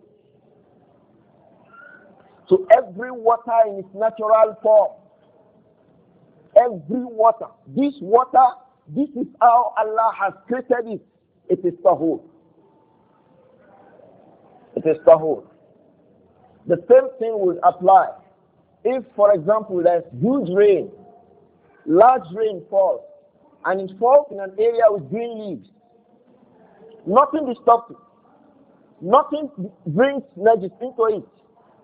So every water in its natural form, every water, this water, this is how Allah has created it. It is tahur. It is tahur. The same thing will apply. If, for example, there's huge rain, large rain falls, and it falls in an area with green leaves, nothing disturbs it. Nothing brings najis into it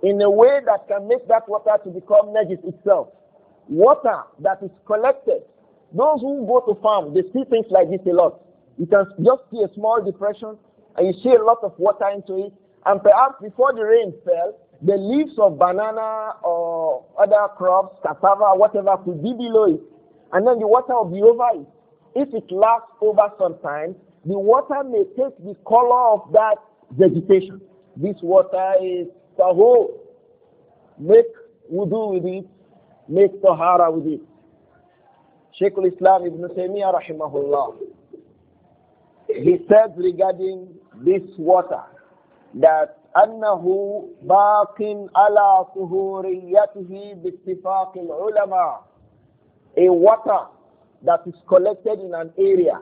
in a way that can make that water to become najis itself. Water that is collected. Those who go to farm, they see things like this a lot. You can just see a small depression and you see a lot of water into it. And perhaps before the rain fell, the leaves of banana or other crops, cassava, whatever, could be below it. And then the water will be over it. If it lasts over some time, the water may take the color of that vegetation. This water is tahor. Make wudu with it. Make tahara with it. Sheikh al-Islam Ibn Taymiyyah rahimahullah. He said regarding this water that أنه باق على طهوريته باتفاق العلماء a water that is collected in an area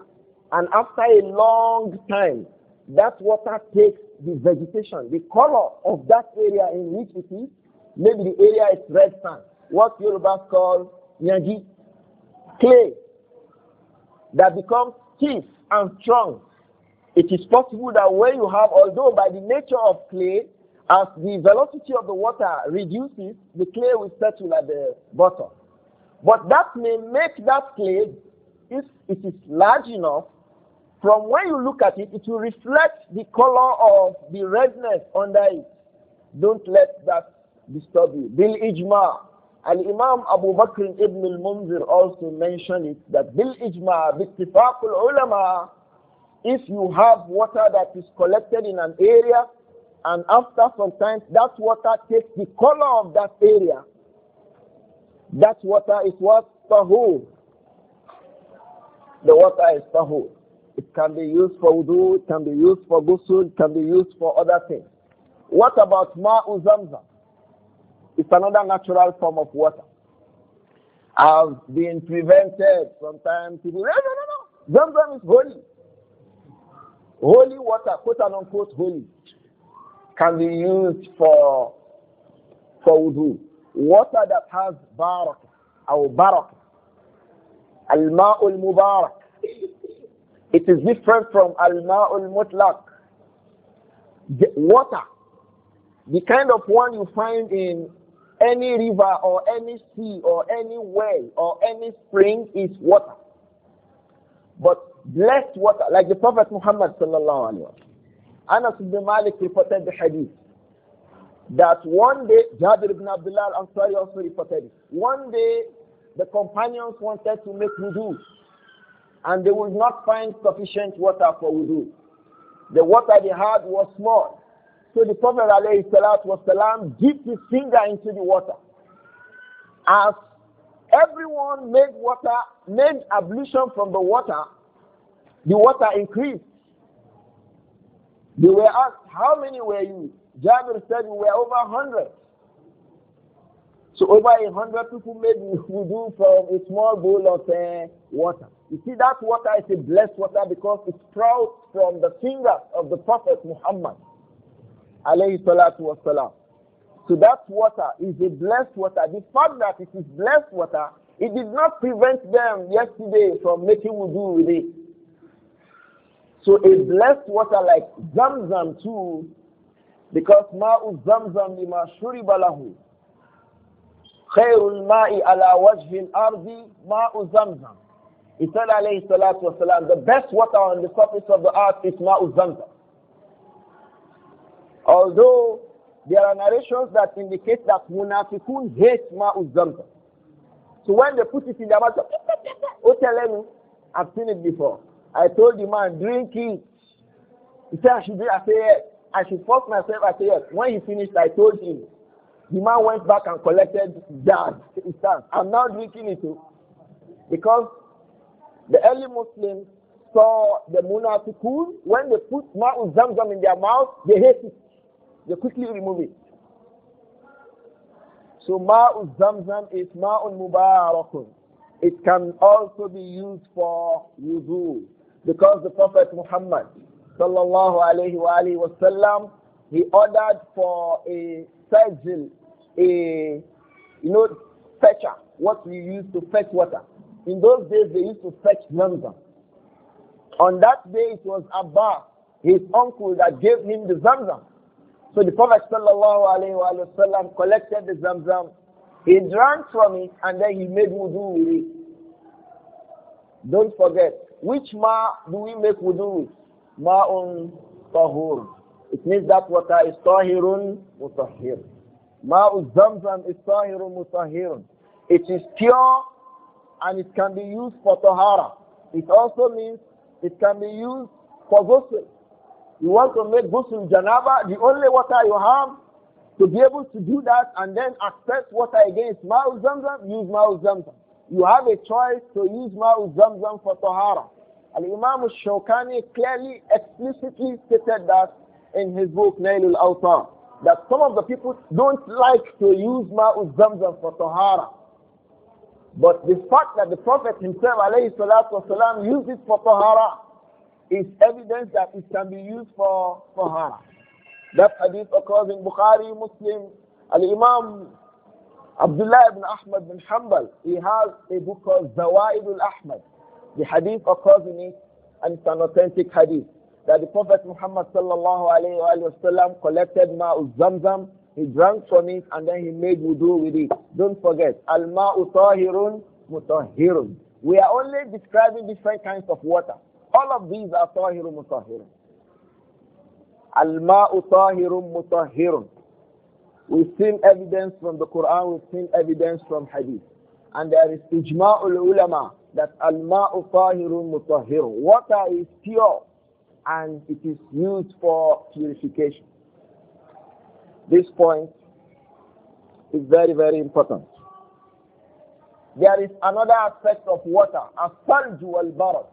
and after a long time that water takes the vegetation the color of that area in which it is maybe the area is red sand what Yoruba call nyangi clay that becomes stiff and strong it is possible that where you have, although by the nature of clay, as the velocity of the water reduces, the clay will settle at the bottom. But that may make that clay, if it is large enough, from when you look at it, it will reflect the color of the redness under it. Don't let that disturb you. Bil ijma. Al Imam Abu Bakr ibn al Munzir also mentioned it that bil ijma, ulama, if you have water that is collected in an area, and after some time, that water takes the color of that area, that water is what? Tahur. The water is tahur. It can be used for wudu, it can be used for ghusl, it can be used for other things. What about ma'u zamzam? It's another natural form of water. I've been prevented sometimes people, no, no, no, no, zamzam is holy. Holy water, quote and unquote holy, can be used for, for wudu. Water that has barak, or barak, al-ma'ul mubarak. It is different from al-ma'ul mutlaq. Water, the kind of one you find in any river or any sea or any well or any spring is water. But blessed water, like the Prophet Muhammad sallallahu alaihi wasallam. Anas ibn Malik reported the hadith that one day, Jabir ibn Abdullah al-Ansari also reported it. One day, the companions wanted to make wudu, and they would not find sufficient water for wudu. The water they had was small. So the Prophet والسلام, dipped his finger into the water. As everyone made water, made ablution from the water, the water increased. They were asked, How many were you? Jabir said, We were over 100. So over 100 people made wudu from a small bowl of uh, water. You see, that water is a blessed water because it sprouts from the fingers of the Prophet Muhammad. Alayhi salatu wasalam. So that water is a blessed water. The fact that it is blessed water, it did not prevent them yesterday from making wudu with it. So a blessed water like Zamzam too, because ma'u Zamzam lima shuriba lahu. Khairul ma'i ala wajhin ardi ma'u Zamzam. He said alayhi salatu wasalam, the best water on the surface of the earth is ma'u Zamzam. Although there are narrations that indicate that munafiqun hate ma'u Zamzam. So when they put it in their mouth, oh, tell me. I've seen it before. I told the man, drink it. He said, I should do I said, yes. I should force myself. I said, yes. When he finished, I told him. The man went back and collected jars. I'm not drinking it too. Oh. Because the early Muslims saw the munafiqun, when they put ma'u zamzam in their mouth, they hate it. They quickly remove it. So ma'u zamzam is Ma'ul mubarakun. It can also be used for wudu. Because the Prophet Muhammad sallallahu alayhi wa alayhi wasallam, he ordered for a sajil, a, you know, fetcher, what we use to fetch water. In those days, they used to fetch Zamzam. On that day, it was Abba, his uncle, that gave him the Zamzam. So the Prophet sallallahu alayhi wa collected the Zamzam. He drank from it and then he made wudu with it. Don't forget, which ma do we make wudu with? Ma'un tahur. It means that water is tahirun mutahhir. Ma'u zamzam is tahirun mutahhirun. It is pure and it can be used for tahara. It also means it can be used for ghusl. You want to make ghusl janaba, the only water you have to be able to do that and then access water again is ma'u zamzam, use ma'u zamzam. You have a choice to use Ma'u Zamzam for Tahara. Al Imam Shawkani clearly, explicitly stated that in his book Nailul Awtar, that some of the people don't like to use Ma'u Zamzam for Tahara. But the fact that the Prophet himself, alayhi salatu wasalam, used it for Tahara is evidence that it can be used for Tahara. That hadith occurs in Bukhari, Muslim, Al-Imam Abdullah ibn Ahmad bin Hanbal, he has a book called al Ahmad. The hadith occurs in it, and it's an authentic hadith. That the Prophet Muhammad sallallahu alayhi wa collected ma'uz zamzam, he drank from it, and then he made wudu with it. Don't forget, al-ma'u tahirun mutahirun. We are only describing different kinds of water. All of these are tahirun mutahirun. Al-ma'u tahirun mutahirun. We've seen evidence from the Quran, we've seen evidence from Hadith. And there is ijma'ul ulama that al-ma'u tahirun mutahhir. Water is pure and it is used for purification. This point is very, very important. There is another aspect of water, as-salju wal-barat.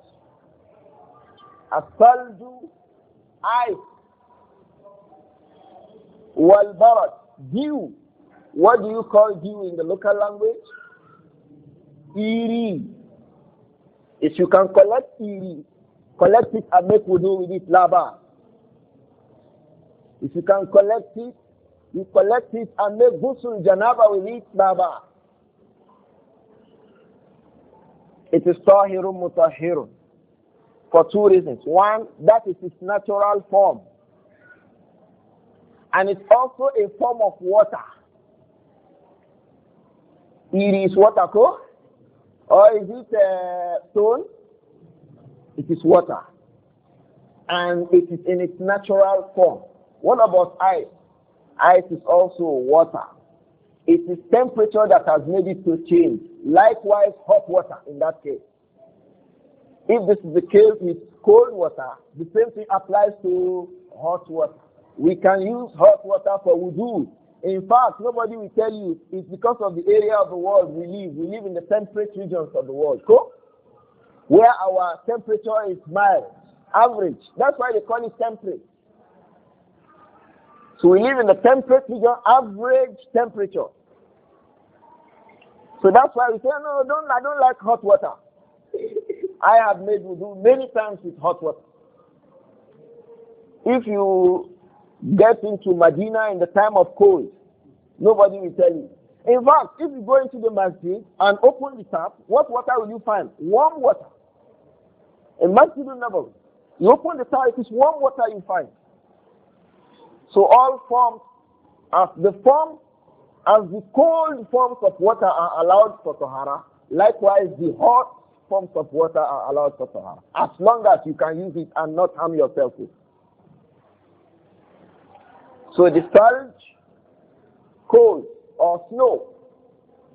As-salju, ice, wal-barat, View. What do you call view in the local language? Iri. If you can collect iri, collect it and make wudu with it, laba. If you can collect it, you collect it and make gusul janaba with it, laba. It is tahirun mutahirun for two reasons. One, that is its natural form and it's also a form of water. It is water, co? or is it uh, stone? It is water, and it is in its natural form. What about ice? Ice is also water. It is temperature that has made it to change. Likewise, hot water in that case. If this is the case with cold water, the same thing applies to hot water. We can use hot water for wudu. In fact, nobody will tell you it's because of the area of the world we live. We live in the temperate regions of the world, cool? where our temperature is mild, average. That's why they call it temperate. So we live in the temperate region, average temperature. So that's why we say, no, don't, I don't like hot water. [LAUGHS] I have made wudu many times with hot water. If you Get into Medina in the time of cold. Nobody will tell you. In fact, if you go into the masjid and open the tap, what water will you find? Warm water. In Masjid level, you open the tap, it is warm water you find. So all forms, as the form, as the cold forms of water are allowed for tahara. likewise the hot forms of water are allowed for tahara, As long as you can use it and not harm yourself with it. So the cold or snow,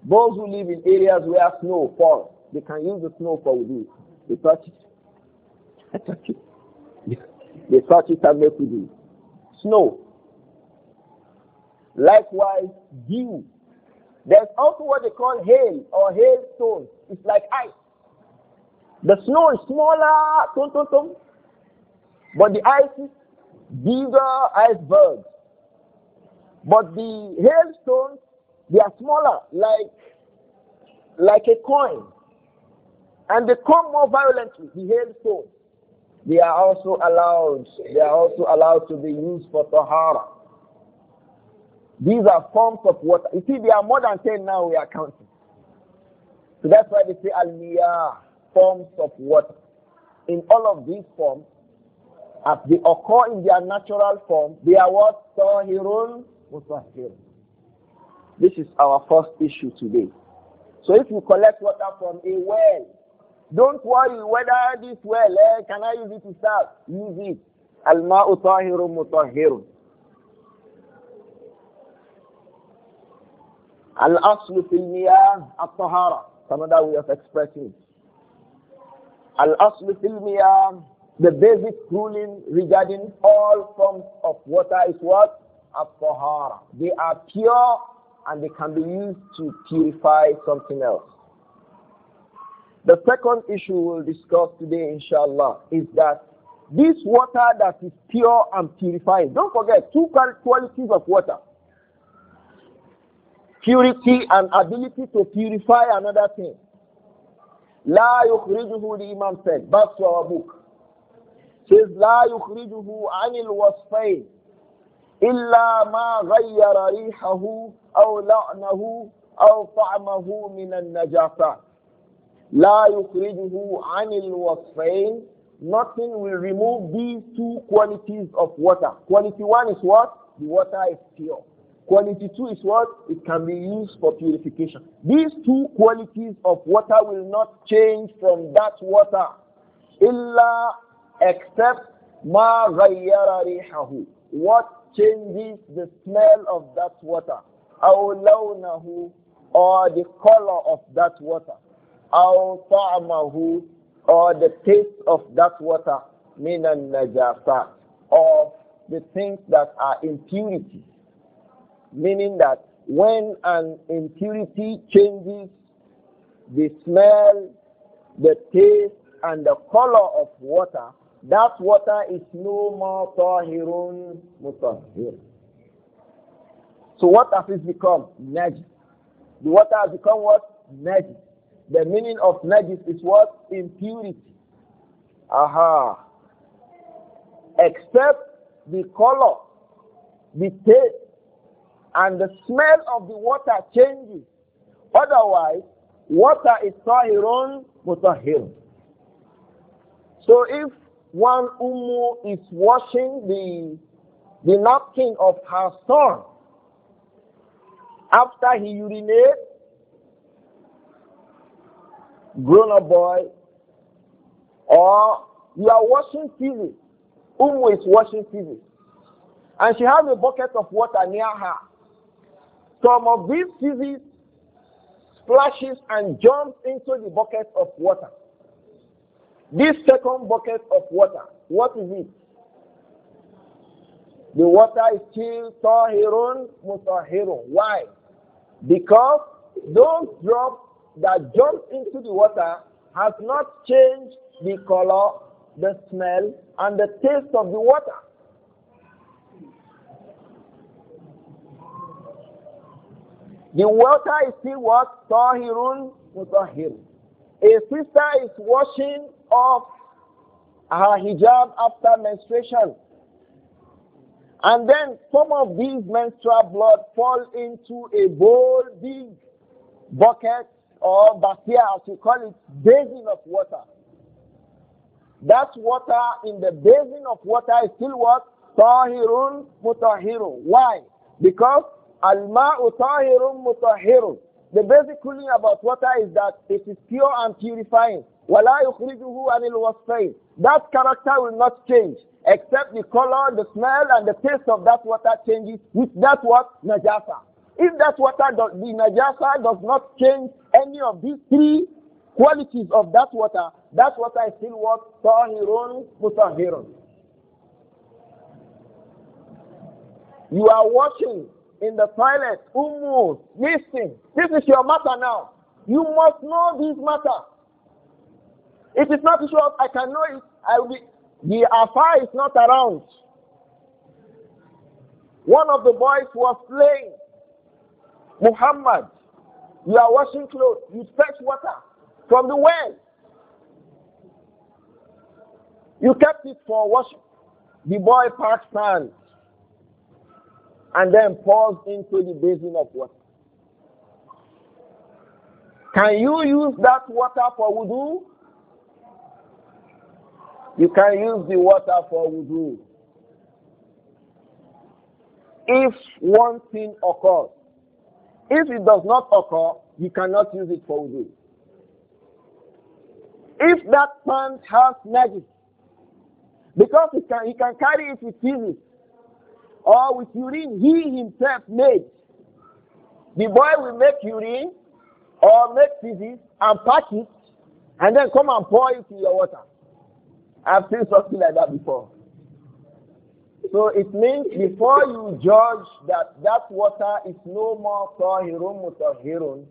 those who live in areas where snow falls, they can use the snow for wudu. They touch it. I touch it. They touch it and make wudu. Snow. Likewise, dew. There's also what they call hail or hailstone. It's like ice. The snow is smaller, tum, tum, tum. but the ice is bigger icebergs. But the hailstones, they are smaller, like, like a coin. And they come more violently, the hailstones. They are also allowed, they are also allowed to be used for Tahara. These are forms of water. You see, there are more than 10 now we are counting. So that's why they say al forms of water. In all of these forms, as they occur in their natural form, they are what? Tahirun mutahhir. This is our first issue today. So if you collect water from a well, don't worry whether this well, eh, can I use it to serve? Use it. Al-ma'u tahirun mutahhirun. Al-aslu fil miyah at-tahara. Another way of expressing it. Al-aslu fil miyah, the basic ruling regarding all forms of water is what? at-tahara. They are pure and they can be used to purify something else. The second issue we'll discuss today, inshallah, is that this water that is pure and purifying, don't forget two qualities of water purity and ability to purify another thing. La yukhrijuhu, the Imam said, back to our book. Says, La yukhrijuhu anil wasfayn. إلا ما غير ريحه أو لعنه أو طعمه من النجاسات لا يخرجه عن الوصفين nothing will remove these two qualities of water quality one is what the water is pure quality two is what it can be used for purification these two qualities of water will not change from that water illa except ma ghayyara rihahu what changes the smell of that water. أو or the color of that water. أو or the taste of that water. minan النجاسات of the things that are impurities. Meaning that when an impurity changes the smell, the taste, and the color of water, that water is no more tahirun mutahhir. So what has it become? Najis. The water has become what? Najis. The meaning of najis is what? Impurity. Aha. Except the color, the taste, and the smell of the water changes. Otherwise, water is tahirun mutahhir. So if one umu is washing the, the napkin of her son after he urinates, grown up boy, or you are washing TV. Umu is washing TV. And she has a bucket of water near her. Some of these TVs splashes and jumps into the bucket of water. This second bucket of water, what is it? The water is still tahirun mutahirun. Why? Because those drops that jump into the water has not changed the color, the smell, and the taste of the water. The water is still what? Tahirun mutahirun. A sister is washing off her hijab after menstruation. And then some of these menstrual blood fall into a bowl, big bucket or bathia, as you call it, basin of water. That water in the basin of water is still what? Tahirun mutahirun. Why? Because al-ma'u tahirun mutahirun. The basic ruling about water is that it is pure and purifying. وَلَا يُخْرِجُهُ عَنِ الْوَصْفَيْنِ That character will not change, except the color, the smell, and the taste of that water changes with that what? Najasa. If that water, does, the Najasa does not change any of these three qualities of that water, that water is still what? Tahirun, Mutahirun. You are watching in the toilet. Umu, listen. This is your matter now. You must know this matter. If it's not issue I can know it, I will be, the affair is not around. One of the boys was playing. Muhammad, you are washing clothes, you fetch water from the well. You kept it for washing. The boy packed sand and then pours into the basin of water. Can you use that water for wudu? You can use the water for wudu. If one thing occurs, if it does not occur, you cannot use it for wudu. If that plant has magic, because he can, he can carry it with physics or with urine he himself made, the boy will make urine or make feces and pack it and then come and pour it in your water. I've seen something like that before. So it means before you judge that that water is no more tahirun mutahirun,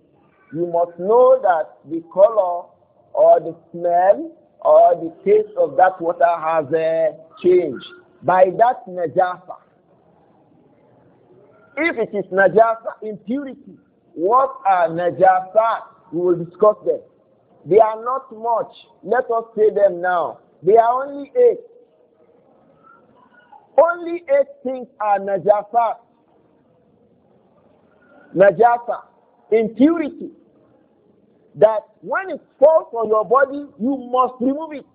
you must know that the color or the smell or the taste of that water has uh, changed by that najasa. If it is najasa, impurity, what are najasa? We will discuss them. They are not much. Let us say them now. They are only eight. Only eight things are najasa. Najasa, impurity. That when it falls on your body, you must remove it.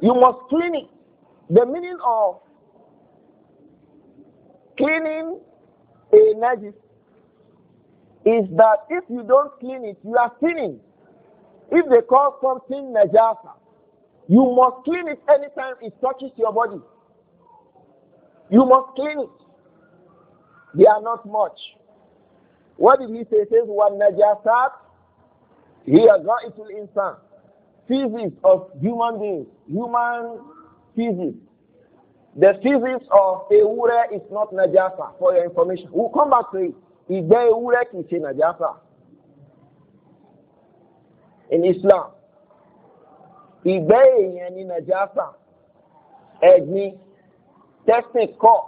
You must clean it. The meaning of cleaning a najis is that if you don't clean it, you are sinning. If they call something najasa, you must clean it anytime it touches your body. You must clean it. They are not much. What did he say? He says, one najasat, he has got it to insan. Physics of human beings, human physics. The physics of Ewure is not najasa, for your information. We'll come back to it. Igbe Ewure kì í najasa in Islam. Ìgbẹ́ èèyàn ni Nàìjíríà ẹ̀gbin testing kọ́.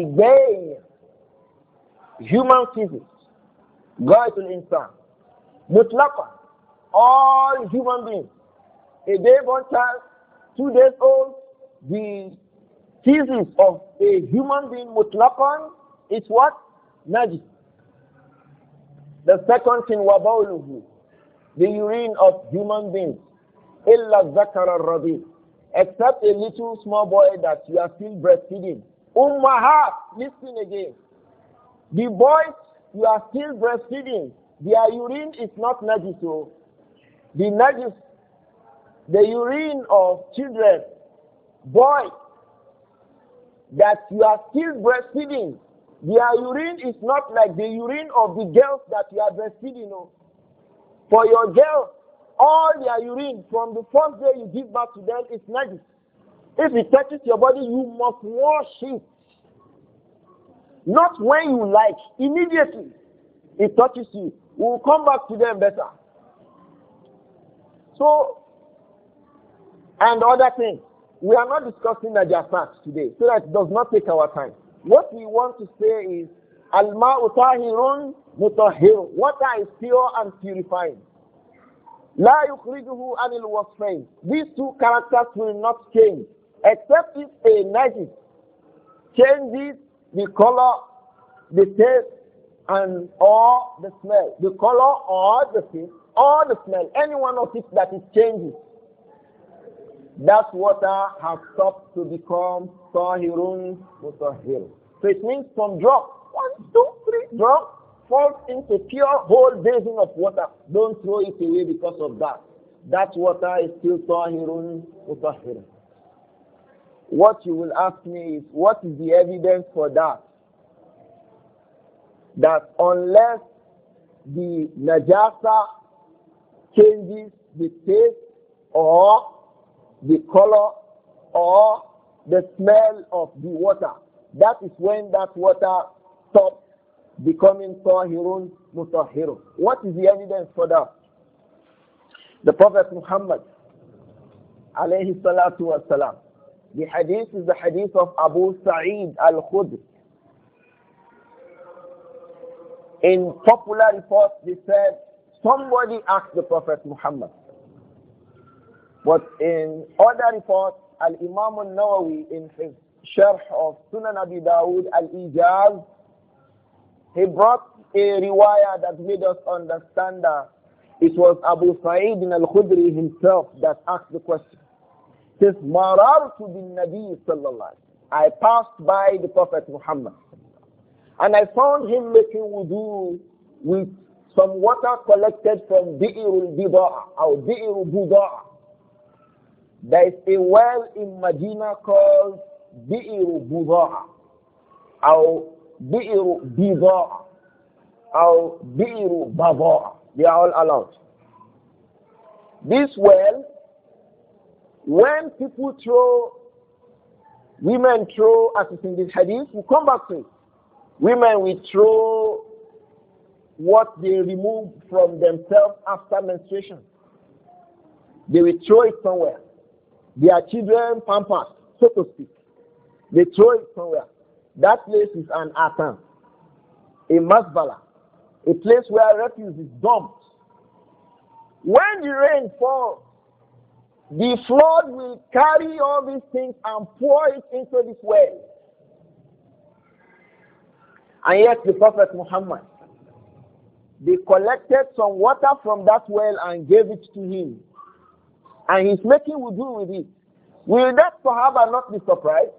Ìgbẹ́ èèyàn human physics God is insan mutlaka all human beings a day born child two days old the physics of a human being mutlaka is what? Najis. The second thing, وَبَوْلُهُ The urine of human beings. إِلَّا الذَّكَرَ rabi, Except a little small boy that you are still breastfeeding. Ummahat, listen again. The boys you are still breastfeeding, their urine is not najis. Oh. The najis, the urine of children, boys that you are still breastfeeding, their urine is not like the urine of the girls that you are breastfeeding. You know. For your girl, all their urine from the first day you give birth to them is negative. If it touches your body, you must wash it. Not when you like, immediately it touches you. We will come back to them better. So, and other things. We are not discussing Najasat today, so that does not take our time. What we want to say is, alma utahirun tahirun Water is pure and purifying. La yukhrijuhu anil wasfain. These two characters will not change, except if a magic changes the color, the taste, and or the smell. The color or the taste or the smell. Any one of it that is changing that water has stopped to become tahirun mutahir. So it means from drop, one, two, three, drop, falls into pure whole basin of water. Don't throw it away because of that. That water is still tahirun mutahir. What you will ask me is, what is the evidence for that? That unless the najasa changes the taste or the color, or the smell of the water. That is when that water stops becoming tahirun mutahhirun. What is the evidence for that? The Prophet Muhammad alayhi salatu wasalam. The hadith is the hadith of Abu Sa'id al-Khudri. In popular reports, they said, somebody asked the Prophet Muhammad, but in other reports, Al-Imam al-Nawawi in his Sharh of Sunan Abi Dawud al-Ijaz, he brought a riwayah that made us understand that it was Abu Sa'id al-Khudri himself that asked the question. He says, to bin sallallahu I passed by the Prophet Muhammad and I found him making wudu with some water collected from Bi'irul Bida'a or Bi'irul Buda'a there is a well in Medina called Bi'ir Buza'a or Bi'ir Biza'a or Bi'ir Baza'a. They are all allowed. This well, when people throw, women throw, as it's in this hadith, we come back to it. Women will throw what they remove from themselves after menstruation. They will throw it somewhere. Their children pampered, so to speak. They throw it somewhere. That place is an atam, a masbala, a place where refuse is dumped. When the rain falls, the flood will carry all these things and pour it into this well. And yet the Prophet Muhammad, they collected some water from that well and gave it to him. And he's making wudu with it. Will that Sahaba not be surprised?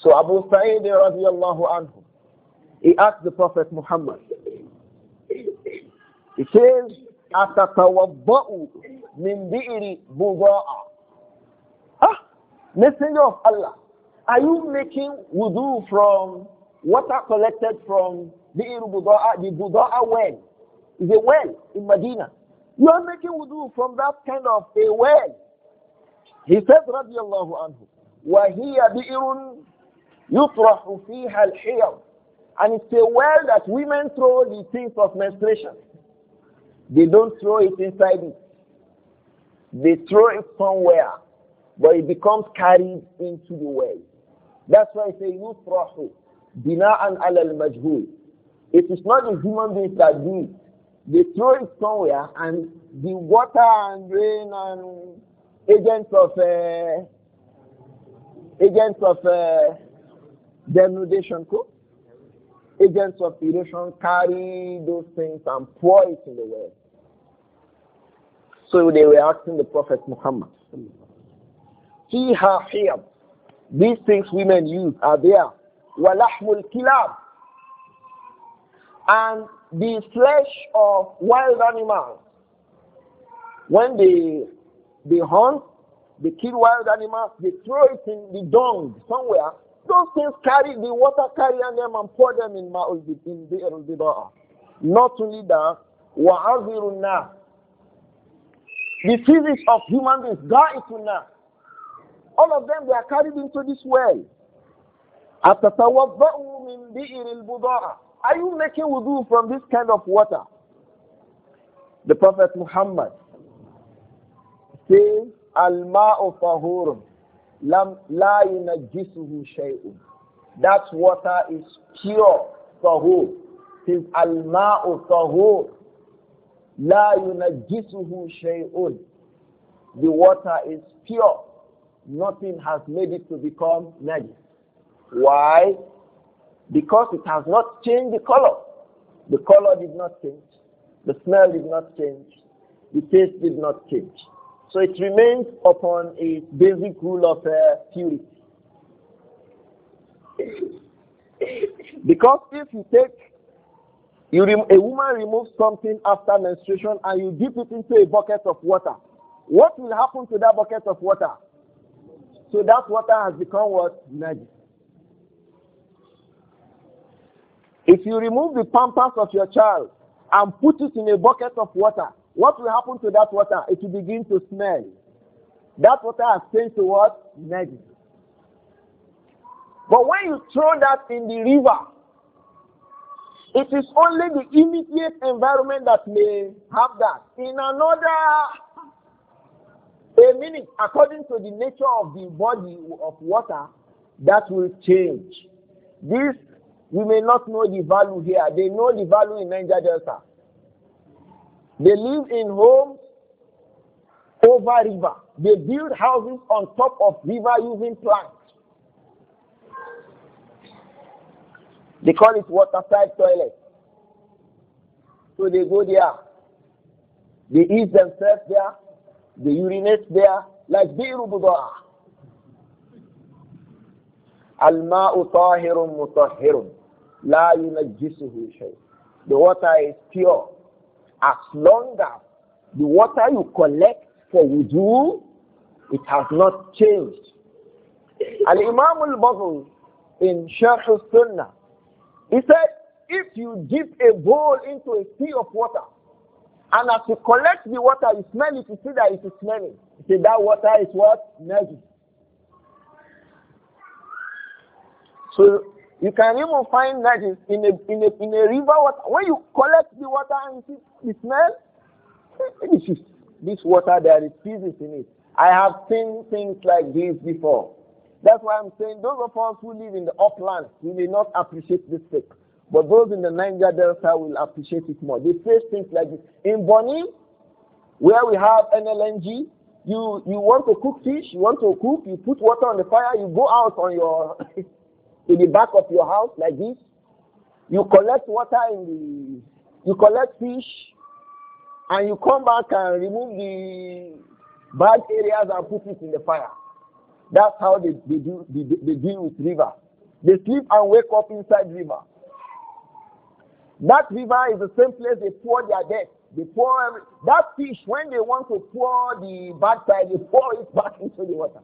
So Abu Sa'id radiallahu anhu, he asked the Prophet Muhammad, he says, أَتَتَوَضَّأُ مِنْ بِئِرِ بُضَاءَ Ah, Messenger of Allah, are you making wudu from water collected from بِئِرِ بُضَاءَ, the Buda'a well? is a well in Medina. You are making wudu from that kind of a well. He said, اللَّهُ anhu, وَهِيَ بِئِرٌ يُطْرَحُ فِيهَا الْحِيَرُ And it's a well that women throw the things of menstruation. They don't throw it inside it. They throw it somewhere, but it becomes carried into the well. That's why I say يُطْرَحُ بِنَاءً عَلَى الْمَجْهُولِ It is not the human beings that do it. They throw it somewhere, and the water and rain and agents of uh, agents of uh, denudation cook, agents of erosion carry those things and pour it in the world. So they were asking the Prophet Muhammad. Fiha here These things women use are there. Walahmul And the flesh of wild animals. When they they hunt, they kill wild animals, they throw it in the dung somewhere. Those things carry the water carry on them and pour them in the in the Not only that, wa'azirunna. The physics of human beings, ga'ituna. All of them, they are carried into this well. min biir al-budaa. Are you making wudu from this kind of water? The Prophet Muhammad says, Al-ma'u tahurun, lam la yunajisuhu shay'un. That water is pure, tahur. His al-ma'u tahur, la yunajisuhu shay'un. The water is pure. Nothing has made it to become najis. Why? because it has not changed the color. The color did not change. The smell did not change. The taste did not change. So it remains upon its basic rule of uh, purity. because if you take, you a woman removes something after menstruation and you dip it into a bucket of water, what will happen to that bucket of water? So that water has become what? Najis. If you remove the pampas of your child and put it in a bucket of water, what will happen to that water? It will begin to smell. That water has changed to what? Negative. But when you throw that in the river, it is only the immediate environment that may have that. In another a minute, according to the nature of the body of water, that will change. This you may not know the value here. They know the value in Niger Delta. They live in homes over river. They build houses on top of river using plants. They call it waterside toilet. So they go there. They eat themselves there. They urinate there like Beirut the water is pure. As long as the water you collect for wudu, it has not changed. And imam al-Baghawi in Sharh sunnah he said, if you dip a bowl into a sea of water, and as you collect the water, you smell it, you see that it is smelling. You see that water is what? Najis. So you can even find that in a, in a, in a river water. When you collect the water and see the smell, eh, this, is, this water there is pieces in it. I have seen things like this before. That's why I'm saying those of us who live in the uplands, we may not appreciate this thing. But those in the Niger Delta will appreciate it more. They face things like this. In Bonny, where we have NLNG, you, you want to cook fish, you want to cook, you put water on the fire, you go out on your [LAUGHS] In the back of your house like this. You collect water in the, you collect fish, and you come back and remove the bad areas and put it in the fire. That's how they, they, do, they, they deal with river. They sleep and wake up inside river. That river is the same place they pour their death. They pour that fish when they want to pour the bad side, they pour it back [LAUGHS] into the water.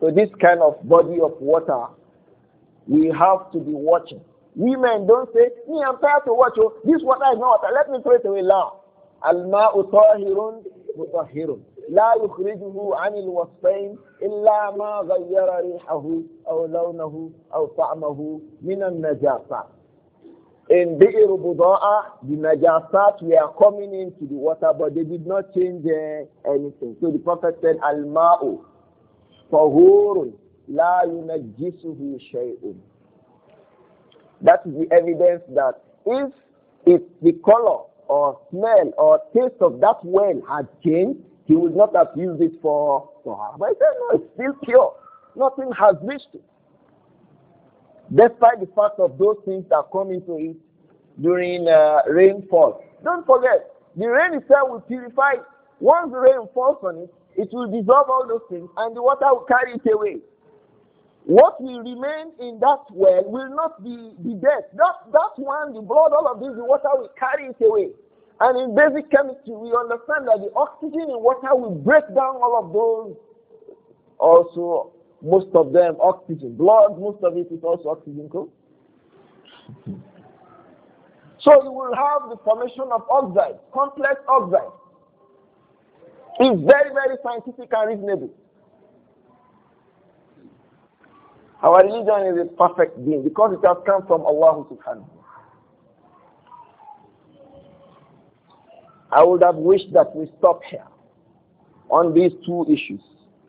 So this kind of body of water, we have to be watching. Women don't say, me, I'm tired to watch. Oh, this water is not water. Let me throw it away now. ma'utahirun, طاهر مطهر لا يخرجه عن الوصفين إلا ما غير ريحه أو لونه أو طعمه من النجاسات. In Bi'ir Buda'a, the Najasat were coming into the water, but they did not change uh, anything. So the Prophet said, Al-Ma'u, طهور لا ينجسه شيء That is the evidence that if, if the color or smell or taste of that well had changed, he would not have used it for Tahara. But He said, no, it's still pure. Nothing has reached it. Despite the fact of those things that come into it during uh, rainfall. Don't forget, the rain itself will purify. Once the rain falls on it, it will dissolve all those things and the water will carry it away. What will remain in that well will not be the death. That, that one, the blood, all of this, the water will carry it away. And in basic chemistry, we understand that the oxygen in water will break down all of those, also, most of them oxygen. Blood, most of it is also oxygen, cool? So you will have the formation of oxides, complex oxides. It's very, very scientific and reasonable. Our religion is a perfect being because it has come from Allah subhanahu I would have wished that we stop here on these two issues.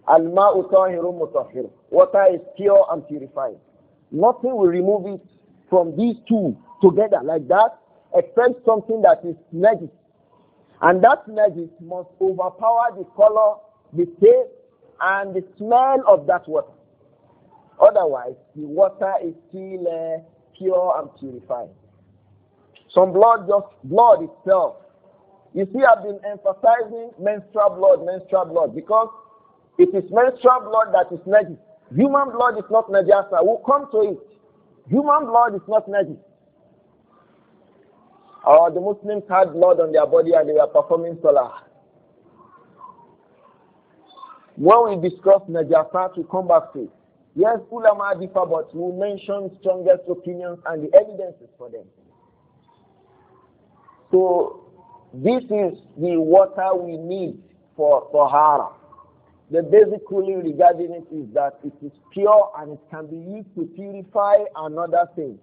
Al-ma'u mutahhir. Water is pure and purified. Nothing will remove it from these two together like that except something that is negative. And that magic must overpower the color, the taste, and the smell of that water. Otherwise, the water is still uh, pure and purified. Some blood, just blood itself. You see, I've been emphasizing menstrual blood, menstrual blood, because it is menstrual blood that is najis. Human blood is not sir. We'll come to it. Human blood is not najis. Or the Muslims had blood on their body and they were performing salah. When we discuss Najafat, we come back to it. Yes, ulama differ, but we mention strongest opinions and the evidences for them. So this is the water we need for Sahara. The basic ruling regarding it is that it is pure and it can be used to purify another thing.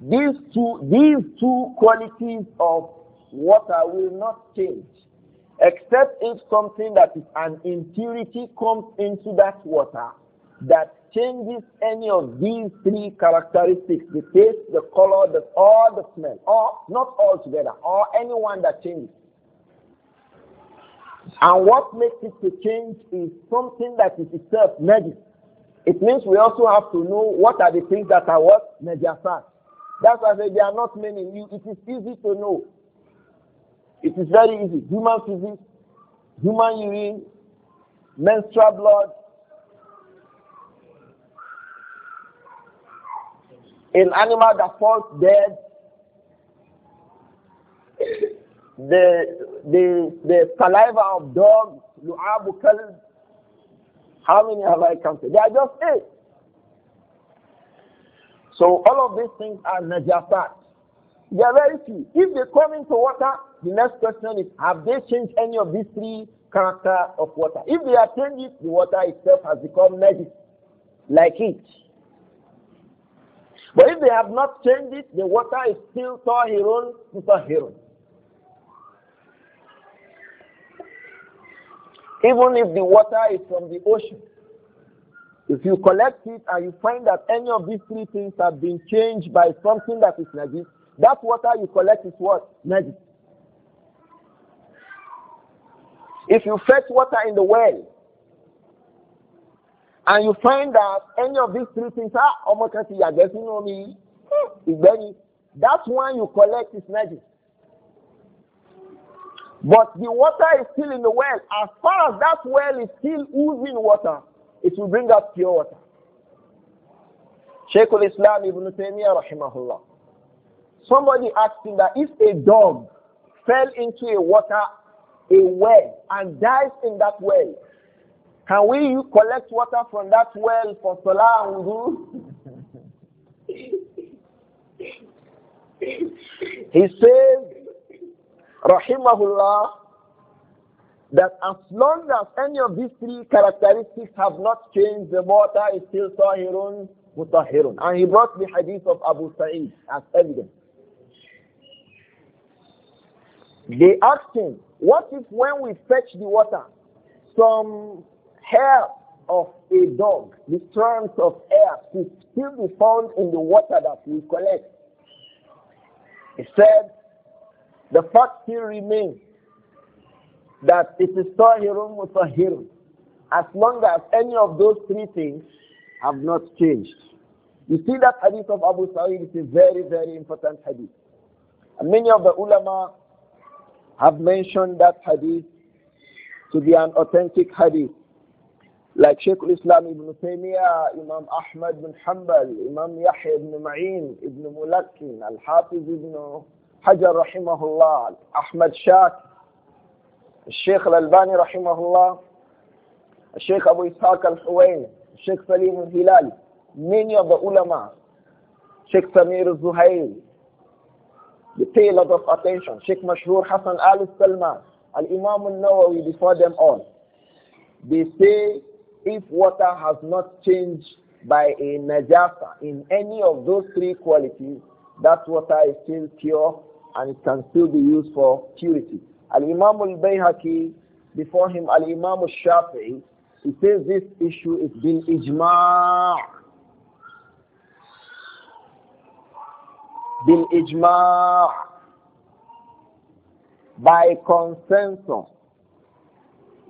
These two, these two qualities of water will not change, except if something that is an impurity comes into that water that changes any of these three characteristics the taste, the color, the, or the smell, or not all together, or any one that changes. And what makes it to change is something that is itself najis. It means we also have to know what are the things that are what? Najasat. That's why there are not many. You, it is easy to know. It is very easy. Human physics, human urine, menstrual blood. An animal that falls dead, the the the saliva of dogs, How many have I counted? They are just eight. So all of these things are najasat. They are very few. If they come into water, the next question is, have they changed any of these three character of water? If they have changed the water itself has become najis, like it. But if they have not changed it, the water is still tahirun, mutahirun. Even if the water is from the ocean, if you collect it and you find that any of these three things have been changed by something that is magic, that water you collect is what? Najis. If you fetch water in the well and you find that any of these three things are omokasi, you are getting on me, that one you collect is magic. But the water is still in the well. As far as that well is still oozing water, it will bring up pure water. Shaykh al-Islam ibn Taymiyyah rahimahullah. Somebody asked him that if a dog fell into a water, a well, and dies in that well, can we collect water from that well for Salah and Wudu? [LAUGHS] he says, Rahimahullah, that as long as any of these three characteristics have not changed, the water is still tahirun mutahirun. And he brought the hadith of Abu Sa'id as evidence. They asked him, what if when we fetch the water, some hair of a dog, the strands of hair could still be found in the water that we collect? He said, the fact still remains that it is tahirun mutahhirun as long as any of those three things have not changed. You see that hadith of Abu Sa'id is a very, very important hadith. And many of the ulama have mentioned that hadith to be an authentic hadith. Like Sheikh Islam ibn Taymiyyah, Imam Ahmad bin Hanbal, Imam Yahya ibn Ma'in, ibn Mulakkin, Al-Hafiz ibn Hajar rahimahullah, Ahmad Shah. الشيخ الألباني رحمه الله الشيخ أبو إسحاق الحوين الشيخ سليم الهلالي many of the ulama Sheikh Samir Zuhail they pay a lot of attention Sheikh Mashhur Hassan Al Salman Al Imam Al Nawawi before them all they say if water has not changed by a najasa in any of those three qualities that water is still pure and it can still be used for purity Al-Imam al-Bayhaqi, before him Al-Imam al-Shafi'i, he says this issue is bil ijma' ijma' by consensus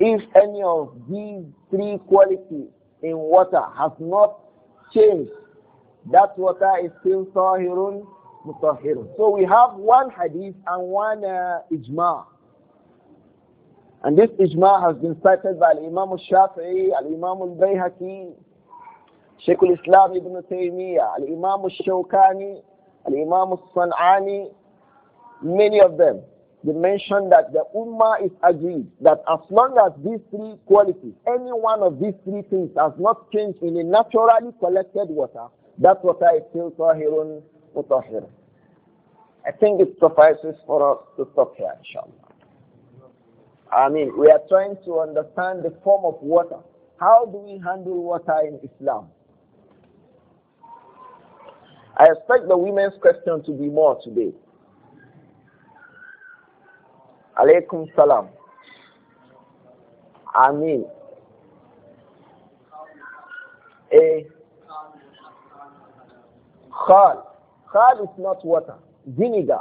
if any of these three qualities in water has not changed that water is still sahirun mutahhirun so we have one hadith and one uh, ijma' And this ijma has been cited by Imam al-Shafi'i, Imam al-Bayhaqi, Sheikh al-Islam ibn Taymiyyah, Imam al-Shawkani, Imam al-San'ani, many of them. They mentioned that the Ummah is agreed that as long as these three qualities, any one of these three things has not changed in a naturally collected water, that water is still tahirun mutahhirun. I think it suffices for us to stop here, inshallah. I mean, we are trying to understand the form of water. How do we handle water in Islam? I expect the women's question to be more today. Alaykum salam. I mean, a khal. Khal is not water. Vinegar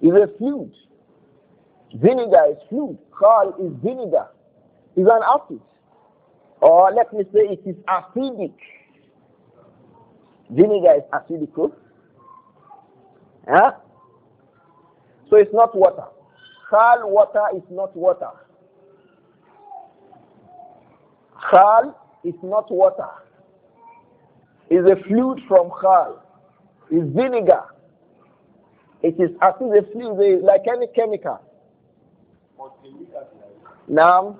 is a fluid. Vinegar is fluid. Khal is vinegar. Is an acid. Or let me say it is acidic. Vinegar is acidic. Oh. Huh? So it's not water. Khal water is not water. Khal is not water. It's a fluid from khal. It's vinegar. It is acid, a fluid, like any chemical. Now,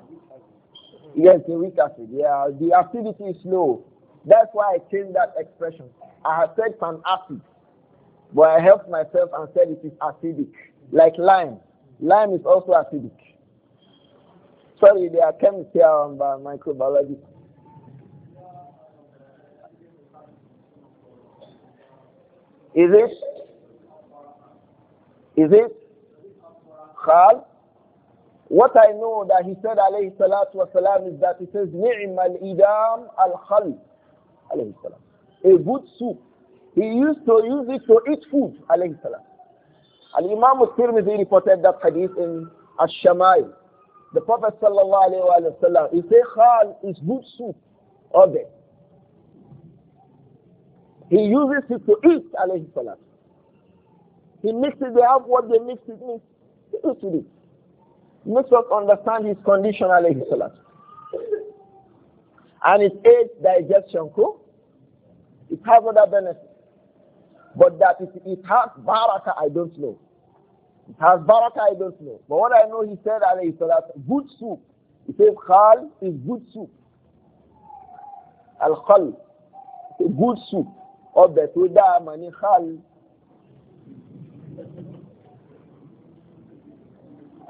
yes, a weak acid. Yeah, the activity is low. That's why I changed that expression. I have said pan acid, but I helped myself and said it is acidic, like lime. Lime is also acidic. Sorry, they are chemical and um, microbiology. Is it? Is it? Khal? What I know that he said alayhi salatu wasalam is that he says ni al-idam al khal alayhi salam. A good soup. He used to use it to eat food alayhi salam. Al-Imam al-Tirmidhi reported that hadith in Ash-Shamai. The Prophet sallallahu alayhi wa sallam, he said khal is good soup. Obe. He uses it to eat alayhi salam. He mixes it have what they mix it with. to Eat with it. Most of understand his condition, alayhi salatu. And it aids digestion, cool? It has other benefits. But that it, it has baraka, I don't know. It has baraka, I don't know. But what I know, he said, alayhi salatu, good soup. He says, khal is good soup. Al-khal, good soup. Of the Tuda, mà khal.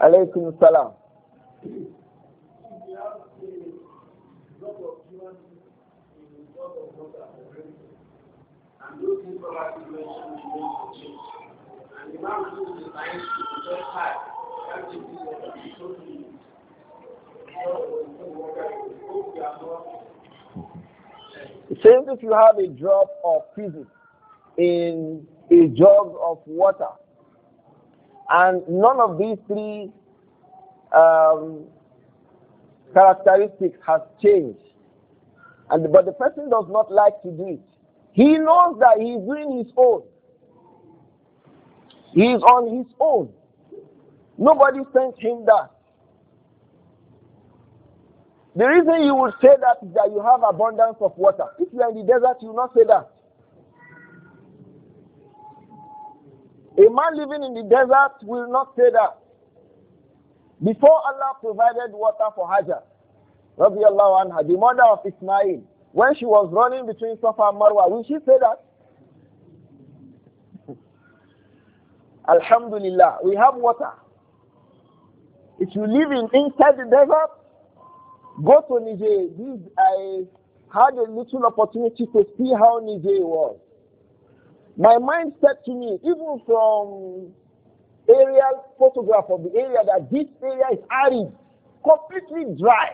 Alaykum salam. Same if you have a drop of physics in a jug of water and none of these three um, characteristics has changed. And, but the person does not like to do it. He knows that he is doing his own. He is on his own. Nobody sent him that. The reason you would say that is that you have abundance of water. If you are in the desert, you will not say that. A man living in the desert will not say that. Before Allah provided water for Hajar, radiallahu anha, the mother of Ismail, when she was running between Safa and Marwa, will she say that? [LAUGHS] Alhamdulillah, we have water. If you live in inside the desert, go to Niger. I had a little opportunity to see how Niger was. My mind said to me, even from aerial photograph of the area, that this area is arid, completely dry.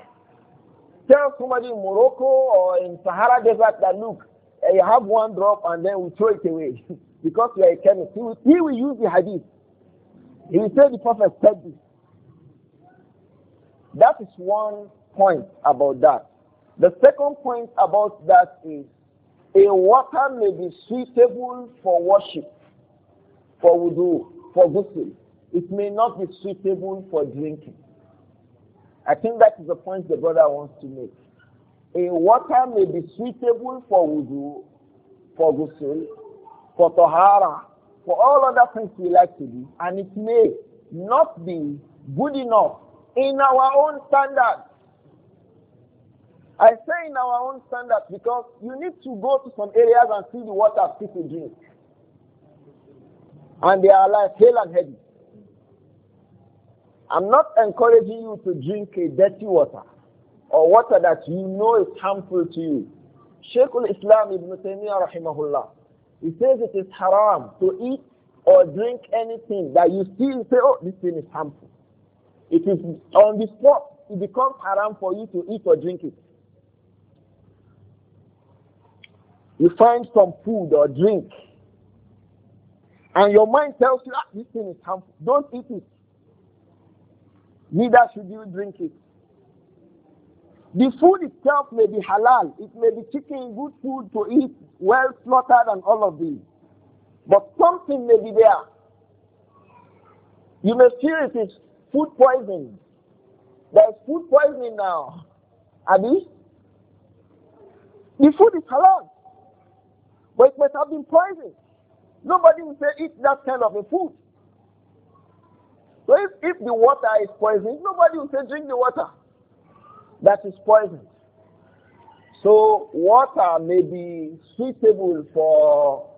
Tell somebody in Morocco or in Sahara Desert that look, eh, you have one drop and then we throw it away [LAUGHS] because we are a chemist. He will, he will use the hadith. He will say the prophet said this. That is one point about that. The second point about that is a water may be suitable for worship, for wudu, for ghusl. It may not be suitable for drinking. I think that is the point the brother wants to make. A water may be suitable for wudu, for ghusl, for tahara, for all other things we like to do, and it may not be good enough in our own standards. I say in our own standards because you need to go to some areas and see the water people drink. And they are like hale and heavy. I'm not encouraging you to drink a dirty water or water that you know is harmful to you. Sheikh al-Islam ibn Taymiyyah rahimahullah, he says it is haram to eat or drink anything that you see and say, oh, this thing is harmful. It is on the spot, it becomes haram for you to eat or drink it. You find some food or drink, and your mind tells you, ah, this thing is harmful. Don't eat it. Neither should you drink it. The food itself may be halal. It may be chicken, good food to eat, well slaughtered, and all of these. But something may be there. You may feel it is food poisoning. There's food poisoning now. Abi? The food is halal. But it must have been poison. Nobody will say eat that kind of a food. So if, if the water is poisoned, nobody will say drink the water that is poisoned. So water may be suitable for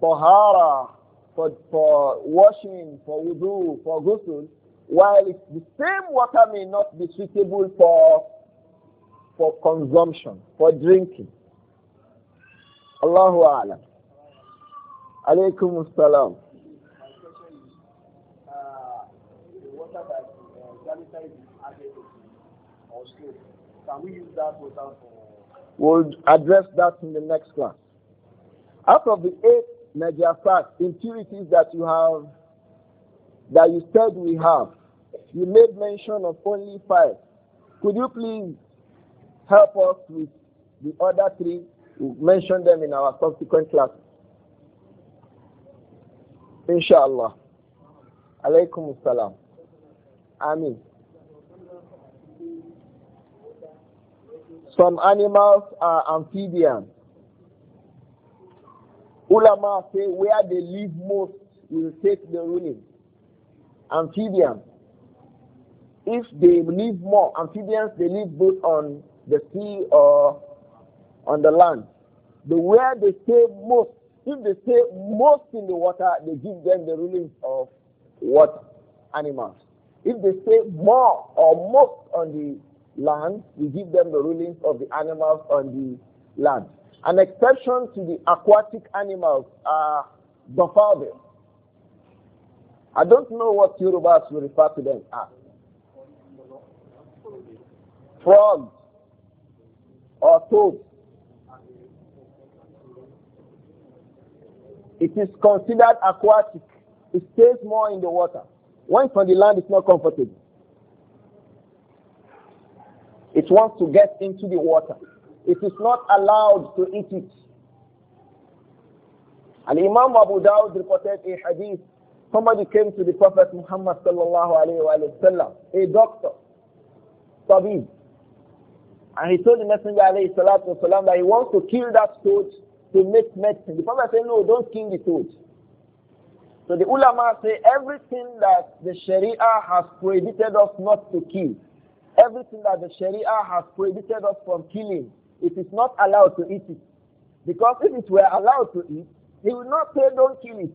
for hara, for, for washing, for wudu, for ghusl, while it, the same water may not be suitable for for consumption, for drinking. Allahu Ala. Alaykum as Can we use that We'll address that in the next class. Out of the eight major facts, impurities that you have, that you said we have, you made mention of only five. Could you please help us with the other three? we them in our subsequent class. Inshallah. Alaykum assalam. Ameen. Some animals are amphibians. Ulama say where they live most will take the ruling. Amphibians. If they live more, amphibians, they live both on the sea or on the land the where they stay most. If they stay most in the water, they give them the rulings of what animals. If they stay more or most on the land, we give them the rulings of the animals on the land. An exception to the aquatic animals are dofabels. I don't know what Yorubas will refer to them as. Frogs or toads It is considered aquatic. It stays more in the water. Once on the land, it's not comfortable. It wants to get into the water. It is not allowed to eat it. And Imam Abu Dawud reported a hadith. Somebody came to the Prophet Muhammad sallallahu alayhi wa, sallam, a doctor, Tabib. And he told the Messenger alayhi salatu that he wants to kill that toad to make medicine. The Prophet said, no, don't kill the toad. So the ulama say everything that the Sharia has prohibited us not to kill, everything that the Sharia has prohibited us from killing, it is not allowed to eat it. Because if it were allowed to eat, he would not say don't kill it.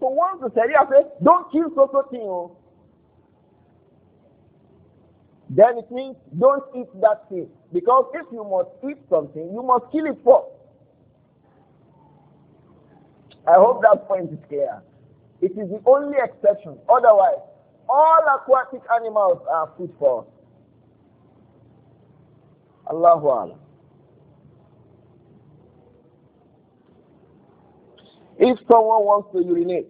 So once the Sharia says don't kill so so thing, oh, then it means don't eat that thing. Because if you must eat something, you must kill it first. I hope that point is clear. It is the only exception. Otherwise, all aquatic animals are food for us. Allahu Allah. If someone wants to urinate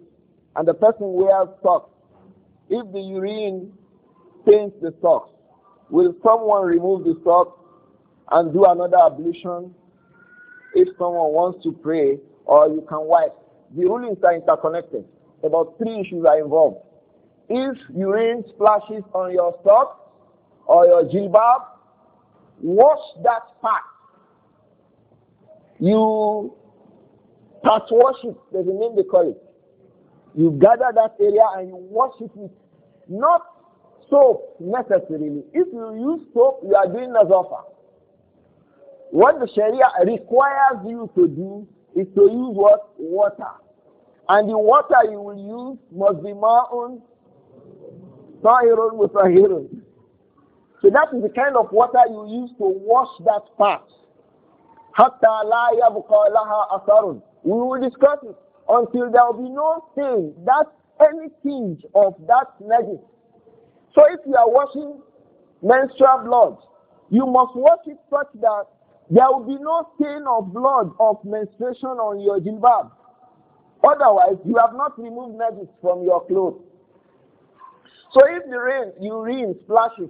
and the person wears socks, if the urine stains the socks, will someone remove the socks and do another ablution? If someone wants to pray, or you can wipe, the rulings are interconnected. About three issues are involved. If urine splashes on your stock or your jilbab, wash that part. You touch wash it, there's a name they call it. You gather that area and you wash it with not soap necessarily. If you use soap, you are doing nazafa. What the Sharia requires you to do is to use what? Water. And the water you will use must be ma'un, ta'irun, mutahirun. So that is the kind of water you use to wash that part. Hatta la yabqa laha asarun. We will discuss it until there will be no stain, that any tinge of that magic. So if you are washing menstrual blood, you must wash it such that there will be no stain of blood of menstruation on your jilbab. Otherwise, you have not removed najis from your clothes. So if the rain, urine splashes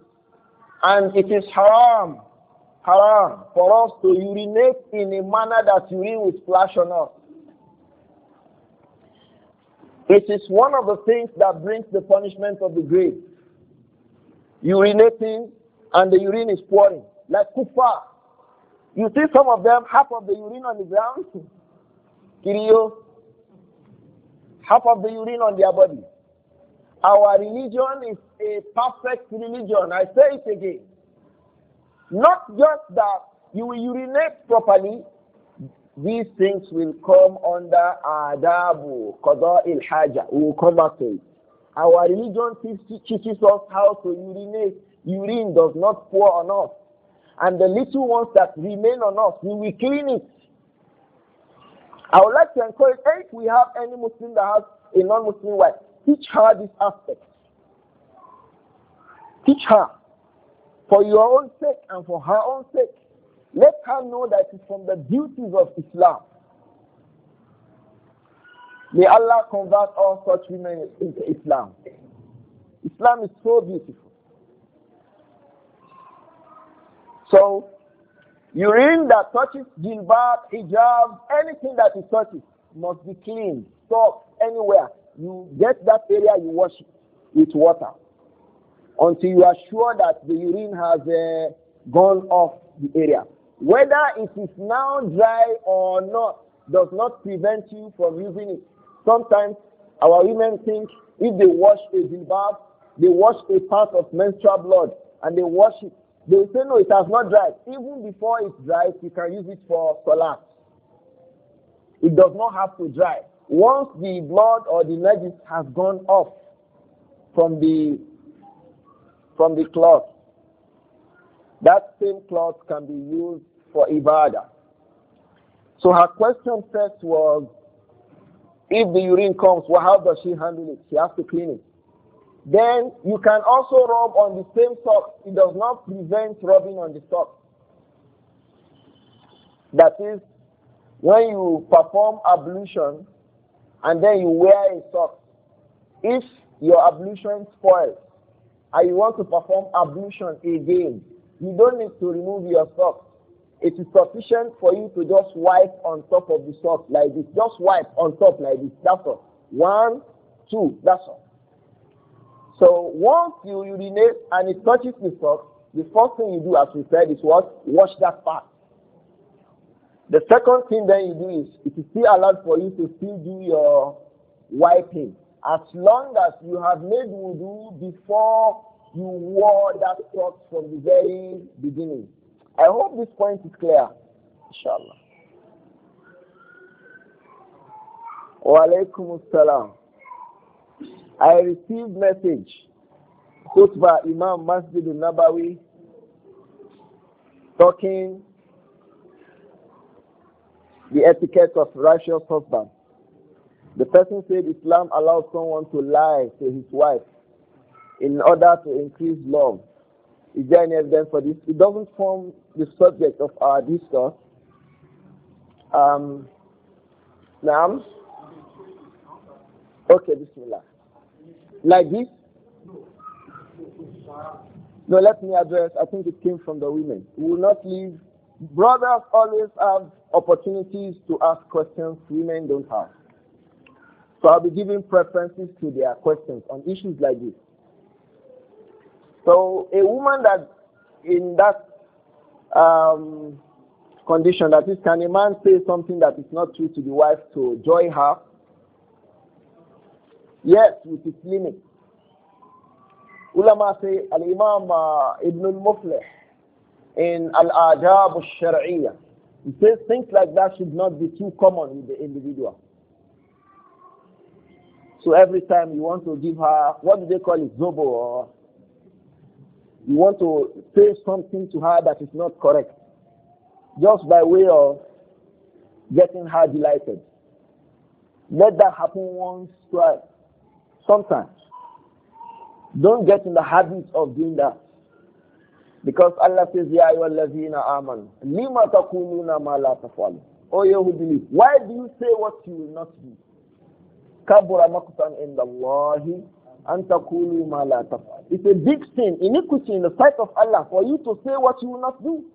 and it is haram, haram for us to urinate in a manner that urine will splash on us. It is one of the things that brings the punishment of the grave. Urinating and the urine is pouring, like kufa. You see some of them, half of the urine on the ground, [LAUGHS] Kirio, half of the urine on their body. Our religion is a perfect religion. I say it again. Not just that you will urinate properly, these things will come under adabu, qada il haja. We will come back to it. Our religion teaches us how to urinate. Urine does not pour on us and the little ones that remain on us, we will clean it. I would like to encourage if we have any Muslim that has a non Muslim wife, teach her this aspect. Teach her for your own sake and for her own sake. Let her know that it's from the beauties of Islam. May Allah convert all such women into Islam. Islam is so beautiful. So, urine that touches jilbab, hijab, anything that it touches must be clean. Stop anywhere. You get that area, you wash it with water until you are sure that the urine has uh, gone off the area. Whether it is now dry or not does not prevent you from using it. Sometimes our women think if they wash a jilbab, they wash a part of menstrual blood and they wash it they will say, no, it has not dried. Even before it dries, you can use it for salat. It does not have to dry. Once the blood or the najis has gone off from the from the cloth, that same cloth can be used for ibadah. So her question first was, if the urine comes, well, how does she handle it? She has to clean it. Then you can also rub on the same sock. It does not prevent rubbing on the sock. That is, when you perform ablution and then you wear a sock, if your ablution spoils and you want to perform ablution again, you don't need to remove your sock. It is sufficient for you to just wipe on top of the sock like this. Just wipe on top like this. That's all. One, two, that's all. So once you urinate and it touches the socks, the first thing you do as we said is what? Wash that part. The second thing then you do is it is still allowed for you to still do your wiping as long as you have made wudu before you wore that socks from the very beginning. I hope this point is clear. Inshallah. Wa alaikum assalam. I received message, khutbah Imam Masjid al-Nabawi, talking the etiquette of righteous husband. The person said Islam allows someone to lie to his wife in order to increase love. Is there any evidence for this? It doesn't form the subject of our discourse. Um, now, okay, Bismillah. Like this? No, let me address. I think it came from the women. We will not leave. Brothers always have opportunities to ask questions women don't have. So I'll be giving preferences to their questions on issues like this. So a woman that in that um, condition, that is, can a man say something that is not true to the wife to joy her? Yes, with its limits. Ulama say Al-Imam uh, Ibn al-Muflih in Al-Adab al-Shar'iyyah. He says things like that should not be too common with the individual. So every time you want to give her, what do they call it, zobo? Or you want to say something to her that is not correct, just by way of getting her delighted. Let that happen once, twice. Sometimes. Don't get in the habit of doing that. Because Allah says, Ya ayyuhallazina aman lima taquluna ma la tafalun. O you who believe, why do you say what you will not do? Kabura maqtan inda an taqulu ma la It's a big sin, iniquity in the sight of Allah for you to say what you will not do.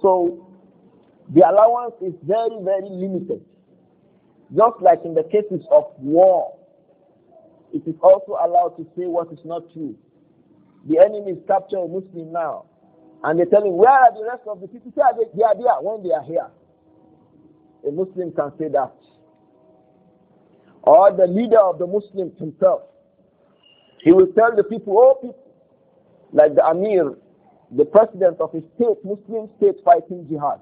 So, the allowance is very, very limited. Just like in the cases of war, it is also allowed to say what is not true. The enemy is capturing a Muslim now. And they tell him, where are the rest of the people? they, they are there when they are here. A Muslim can say that. Or the leader of the Muslims himself. He will tell the people, oh people, like the Amir, the president of a state, Muslim state fighting jihad.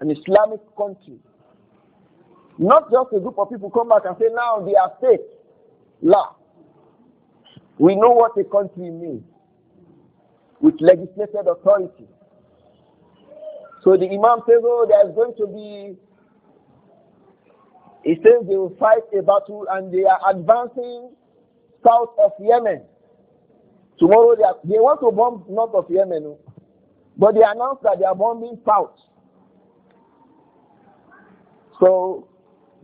An Islamic country. Not just a group of people come back and say, now they are safe law. We know what a country means with legislated authority. So the Imam says, oh, there's going to be, he says they will fight a battle and they are advancing south of Yemen. Tomorrow they, are, they want to bomb north of Yemen, but they announced that they are bombing south. So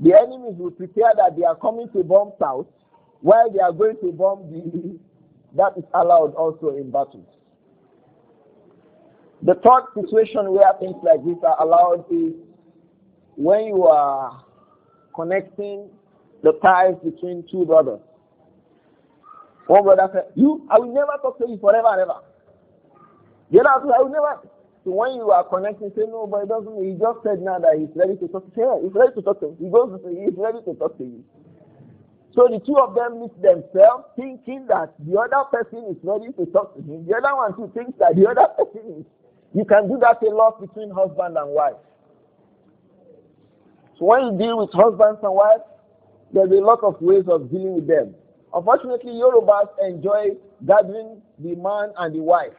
the enemies will prepare that they are coming to bomb south while they are going to bomb the, that is allowed also in battles. The third situation where things like this are allowed is when you are connecting the ties between two brothers. One brother said, You, I will never talk to you forever and ever. The other said, I will never. So when you are connecting, say, No, but it doesn't. He just said now that he's ready to talk to you. Yeah, he's ready to talk to you. He goes to say, He's ready to talk to you. So the two of them meet themselves thinking that the other person is ready to talk to him. The other one too thinks that the other person is. You can do that a lot between husband and wife. So when you deal with husbands and wives, there's a lot of ways of dealing with them. Unfortunately, Yorubas enjoy gathering the man and the wife.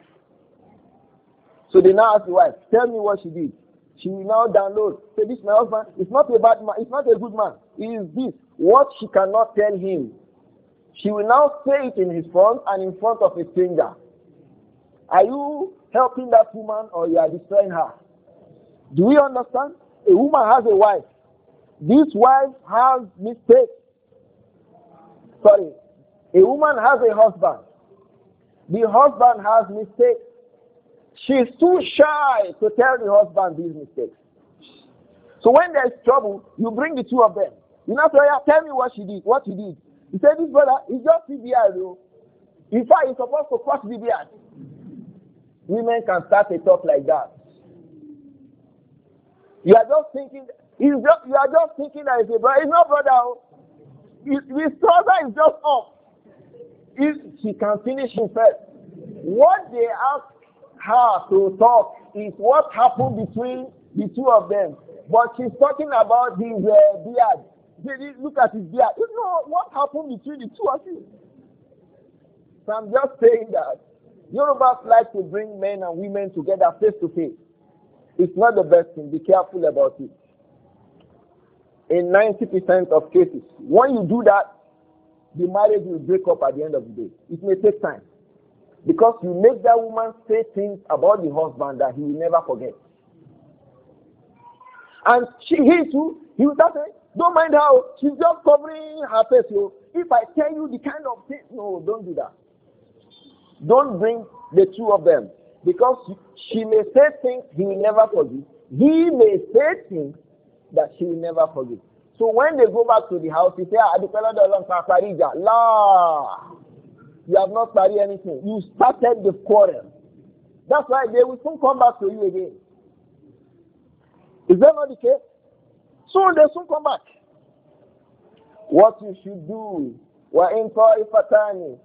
So they now ask the wife, tell me what she did. She will now download. Say, this my husband. It's not a bad man. It's not a good man. He is this. What she cannot tell him, she will now say it in his front and in front of a stranger. Are you helping that woman or you are destroying her? Do we understand? A woman has a wife. This wife has mistakes. Sorry. A woman has a husband. The husband has mistakes. She's too shy to tell the husband these mistakes. So when there's trouble, you bring the two of them. You know, yeah. tell me what she did, what she did. He said, This brother, he just CBR though. In fact, he's supposed to cross CBR. Women can start a talk like that. You are just thinking he's just, you are just thinking that it's a brother. It's not brother. Oh. His, his brother is just off. If she can finish him first. What they ask her to talk is what happened between the two of them. But she's talking about his uh, beard look at his beard. You know what happened between the two of you? So I'm just saying that Yorubas like to bring men and women together face to face. It's not the best thing. Be careful about it. In 90% of cases, when you do that, the marriage will break up at the end of the day. It may take time. Because you make that woman say things about the husband that he will never forget. And she, he too, he will start saying, don't mind how oh. she's just covering her face. So oh. if I tell you the kind of thing, no, don't do that. Don't bring the two of them because she may say things he will never forgive. He may say things that she will never forgive. So when they go back to the house, he say, "Adipela dolong parija la." You have not married anything. You started the quarrel. That's why they will soon come back to you again. Is that not the case? Soon they soon come back. What you should do, وَإِن طَائِفَتَانِ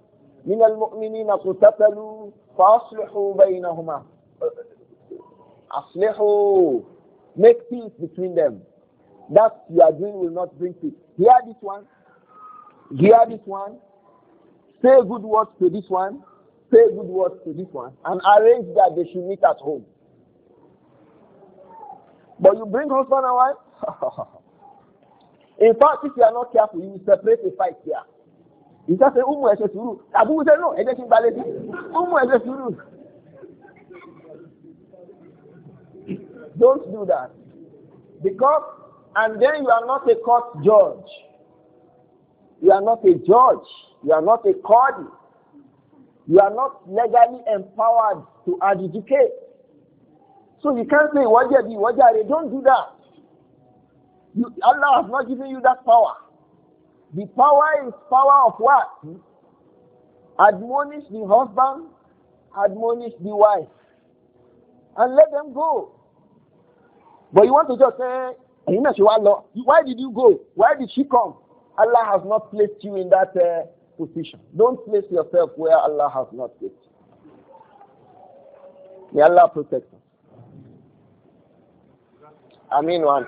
مِنَ الْمُؤْمِنِينَ قُتَتَلُوا فَأَصْلِحُوا بَيْنَهُمَا أَصْلِحُوا Make peace between them. That you are doing will not bring peace. Hear this one. Hear this one. Say good words to this one. Say good words to this one. And arrange that they should meet at home. But you bring husband and wife, [LAUGHS] In fact, if you are not careful, you will separate the fight here. You just say, Umu Eshe Abu will say, no, Eshe Shimbaledi. Umu Eshe Don't do that. Because, and then you are not a court judge. You are not a judge. You are not a court. You are not legally empowered to adjudicate. So you can't say, Wajadi, Wajari. Don't do that. You, Allah has not given you that power. The power is power of what? Admonish the husband, admonish the wife, and let them go. But you want to just say, why did you go? Why did she come? Allah has not placed you in that uh, position. Don't place yourself where Allah has not placed you. May Allah protect us. Ameen. One.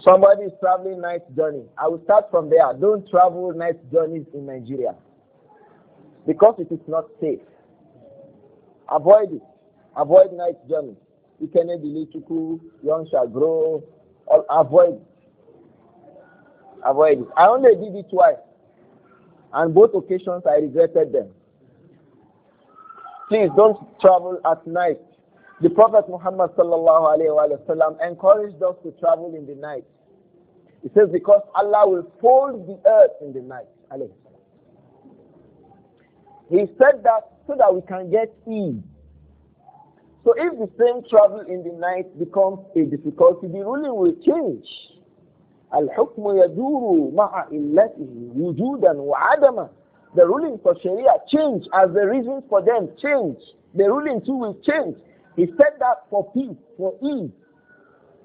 Somebody is traveling night journey. I will start from there. Don't travel night journeys in Nigeria because it is not safe. Avoid it. Avoid night journeys. Ikene Bilichuku, Young shall grow. Avoid it. Avoid it. I only did it twice. And both occasions I regretted them. Please don't travel at night. The Prophet Muhammad sallallahu alayhi wa encouraged us to travel in the night. He says, because Allah will fold the earth in the night. He said that so that we can get ease. So if the same travel in the night becomes a difficulty, the ruling will change. الحكم يدور مع علته وجودا وعدما The ruling for Sharia change as the reasons for them change. The ruling too will change he said that for peace, for ease.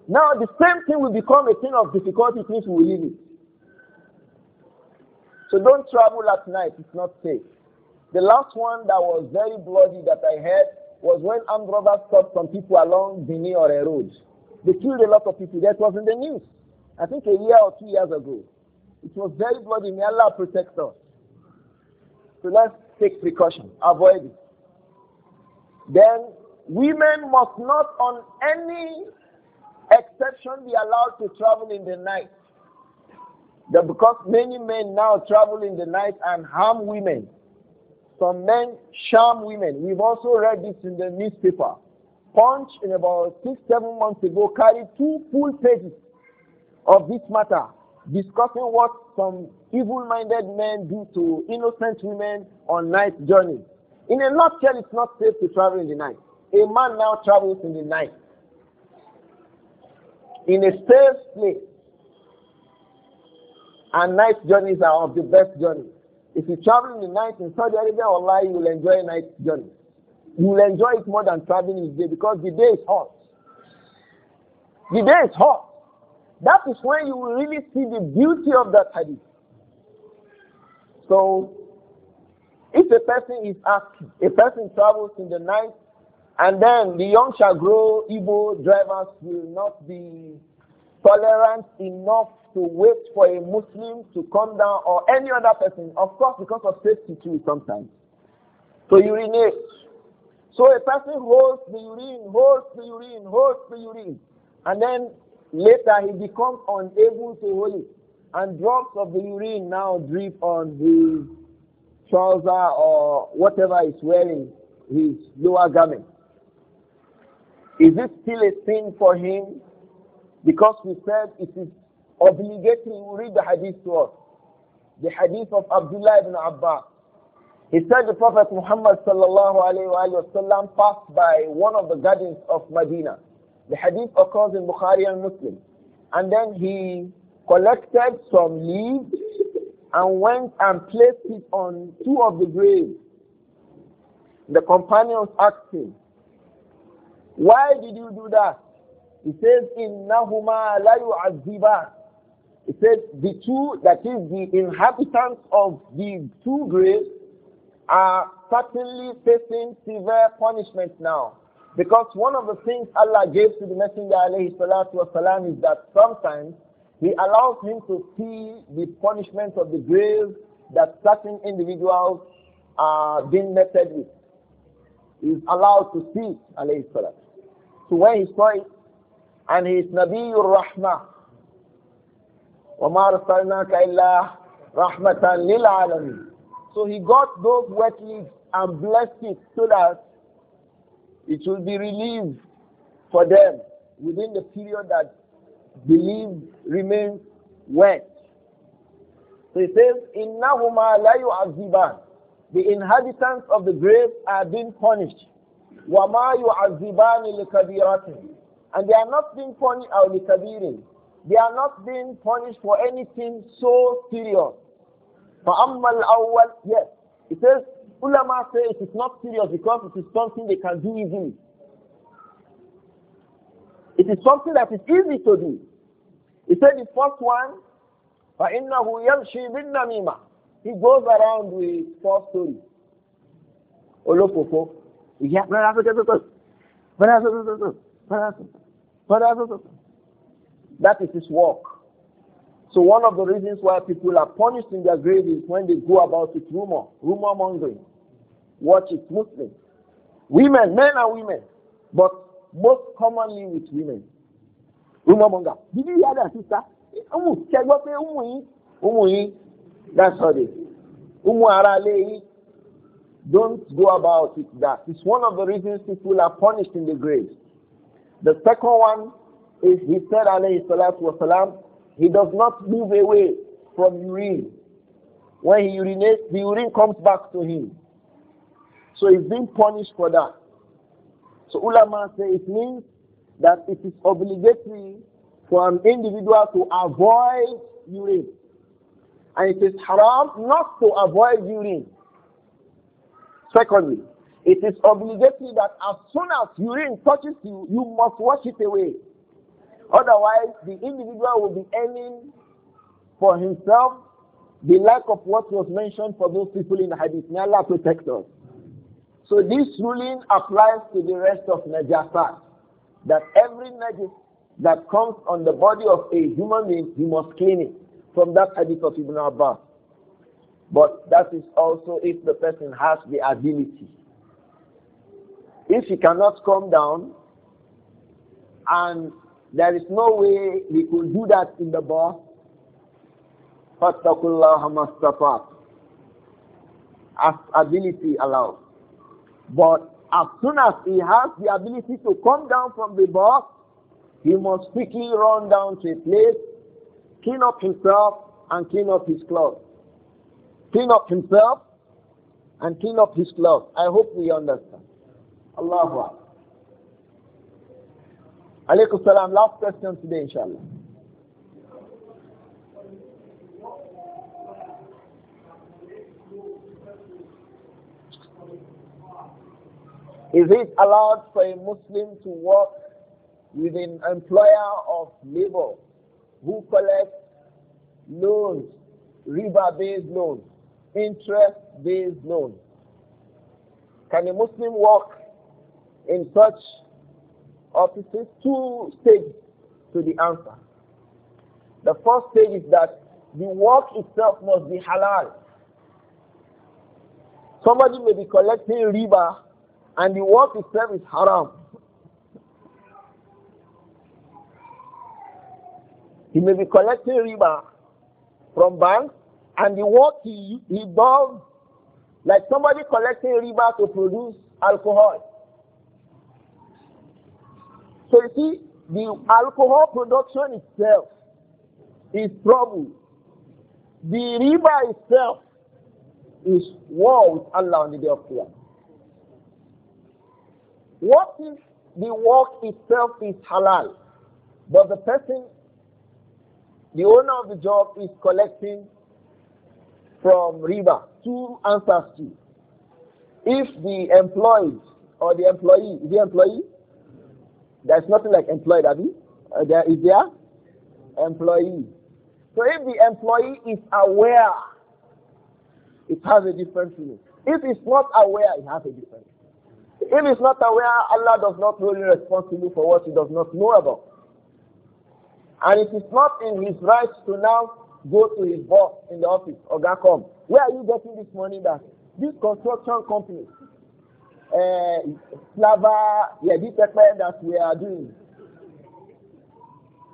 Now the same thing will become a thing of difficulty since we leave it. So don't travel at night, it's not safe. The last one that was very bloody that I heard was when armed robbers stopped some people along Bini or a road. They killed a lot of people. That was in the news. I think a year or two years ago. It was very bloody. May Allah protect us. So let's take precaution. Avoid it. Then Women must not, on any exception, be allowed to travel in the night. That because many men now travel in the night and harm women. Some men sham women. We've also read this in the newspaper. Punch, in about six, seven months ago, carried two full pages of this matter, discussing what some evil minded men do to innocent women on night journeys. In a nutshell, it's not safe to travel in the night. A man now travels in the night in a safe place. And night journeys are of the best journeys. If you travel in the night in Saudi Arabia or Allah, you will enjoy night journey. You will enjoy it more than traveling in the day because the day is hot. The day is hot. That is when you will really see the beauty of that hadith. So, if a person is asking, a person travels in the night and then the young shall grow, evil drivers will not be tolerant enough to wait for a Muslim to come down or any other person, of course, because of safety too sometimes. So urinate. So a person holds the urine, holds the urine, holds the urine, and then later he becomes unable to hold it. And drops of the urine now drip on his trouser or whatever he's wearing, his lower garment. Is it still a sin for him? Because we said it is obligatory. We read the hadith to us. The hadith of Abdullah ibn Abbas. He said the Prophet Muhammad sallallahu alayhi wa passed by one of the gardens of Medina. The hadith occurs in Bukhari and Muslim. And then he collected some leaves and went and placed it on two of the graves. The companions asked him, why did you do that? He says, in Innahuma la yu'aziban. He says, the two, that is the inhabitants of the two graves, are certainly facing severe punishment now. Because one of the things Allah gave to the Messenger alayhi salatu is that sometimes He allows him to see the punishment of the grave that certain individuals are being meted with. He is allowed to see alayhi salam to when he saw it, and he is Nabiyur Rahmah. وَمَا رَسَلْنَاكَ إِلَّا رَحْمَةً لِلْعَالَمِينَ So he got those wet leaves and blessed it so that it will be relieved for them within the period that the leaves remain wet. So he says, إِنَّهُمَا لَا يُعَذِّبَانِ The inhabitants of the grave are being punished. وَمَا يُعَذِّبَانِ لِكَبِيرَةٍ And they are not being punished or uh, لِكَبِيرٍ They are not being punished for anything so serious. فَأَمَّا الْأَوَّلِ Yes, it says, ulama say it is not serious because it is something they can do easily. It is something that is easy to do. He said the first one, فَإِنَّهُ يَمْشِي بِالنَّمِيمَةِ He goes around with false stories. Olofofo. Ya That is his work. So one of the reasons why people are punished in their grave is when they go about with rumor, rumor mongering. Watch it, Muslims. Women, men and women, but most commonly with women. Rumor monger. Did you hear that, sister? Umu, check what they umu Umu That's how they. Umu don't go about it that. It's one of the reasons people are punished in the grave. The second one is he said, alayhi salatu wasalam, he does not move away from urine. When he urinates, the urine comes back to him. So he's being punished for that. So ulama say it means that it is obligatory for an individual to avoid urine. And it is haram not to avoid urine. Secondly, it is obligatory that as soon as urine touches you, you must wash it away. Otherwise, the individual will be earning for himself the lack of what was mentioned for those people in the hadith. May Allah protect us. So this ruling applies to the rest of najasa, that every najis that comes on the body of a human being, he must clean it. From that hadith of Ibn Abbas. But that is also if the person has the ability. If he cannot come down and there is no way he could do that in the bus, as ability allows. But as soon as he has the ability to come down from the bus, he must quickly run down to a place, clean up himself, and clean up his clothes clean up himself and clean up his clothes. I hope we understand. Allahu Akbar. Alaykum salam. Last question today, inshallah. Is it allowed for a Muslim to work with an employer of labor who collects loans, riba based loans? interest-based loan. Can a Muslim work in such offices? Two stages to the answer. The first stage is that the work itself must be halal. Somebody may be collecting riba and the work itself is haram. He may be collecting riba from banks and the work he, he does, like somebody collecting river to produce alcohol. So you see, the alcohol production itself is trouble. The river itself is war with Allah on the day of What if the work itself is halal, but the person, the owner of the job is collecting from riba. Two answers to. If the employed or the employee, the employee, there's nothing like employed, Abi. Uh, there is there employee. So if the employee is aware, it has a different feeling. If it's not aware, it has a different. If it's not aware, Allah does not hold him responsible for what he does not know about. And it is not in his right to now go to his boss in the office, come. where are you getting this money that this construction company, uh, eh, Slava, yeah, this that we are doing,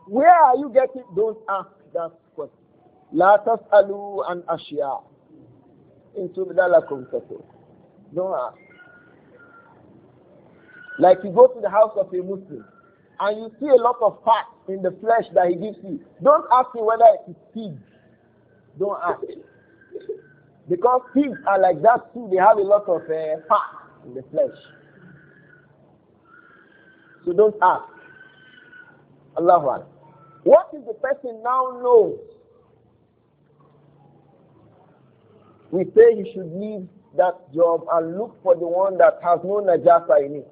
where are you getting? Don't ask that question. La and Ashia ashya. Into bidalakum tato. Don't ask. Like you go to the house of a Muslim, and you see a lot of fat in the flesh that he gives you. Don't ask me whether it is pig. Don't ask. Because pigs are like that too. They have a lot of uh, fat in the flesh. So don't ask. Allah What is the person now knows? We say he should leave that job and look for the one that has no najasa in it.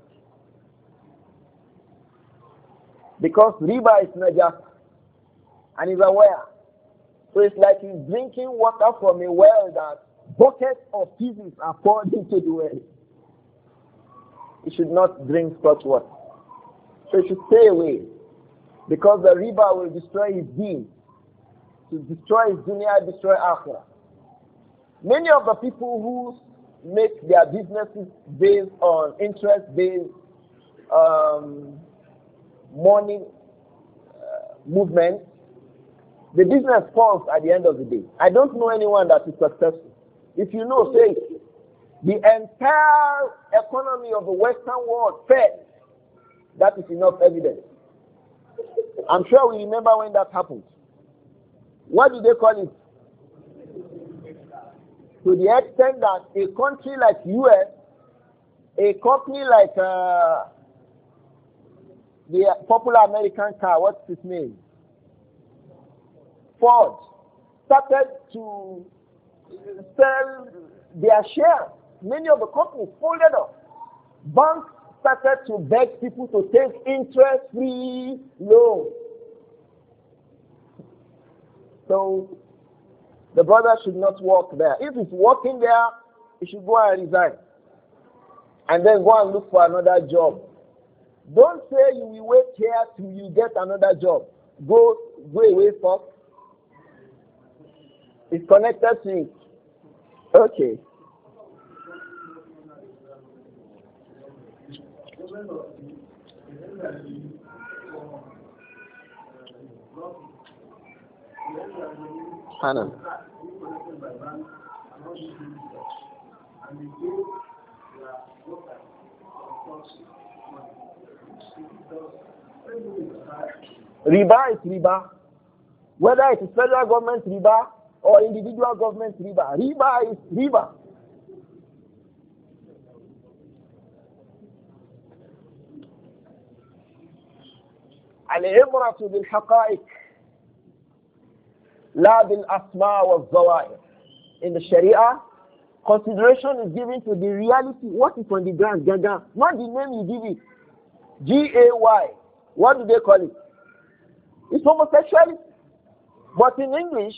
Because riba is just, and is aware. So it's like he's drinking water from a well that buckets of pieces are poured into the well. You should not drink such water. So you should stay away because the riba will destroy his deen. To destroy his dunya, destroy akhira. Many of the people who make their businesses based on interest-based um, morning uh, movement, the business falls at the end of the day. I don't know anyone that is successful. If you know, say The entire economy of the Western world fell. That is enough evidence. I'm sure we remember when that happened. What do they call it? To the extent that a country like U.S., a company like uh, the popular American car, what's its name? Ford started to sell their shares. Many of the companies folded up. Banks started to beg people to take interest-free loans. So the brother should not work there. If he's working there, he should go and resign. And then go and look for another job. Don't say you will wait here till you get another job. Go, go away first. It's connected to it. Okay. Hannah. Riba is riba. Whether it is federal government riba or individual government riba, riba is riba. العبرة بالحقائق لا بالأسماء والظواهر. In the Sharia, consideration is given to the reality, what is on the ground, gaga, not the name you give it. G-A-Y. What do they call it? It's homosexuality. But in English,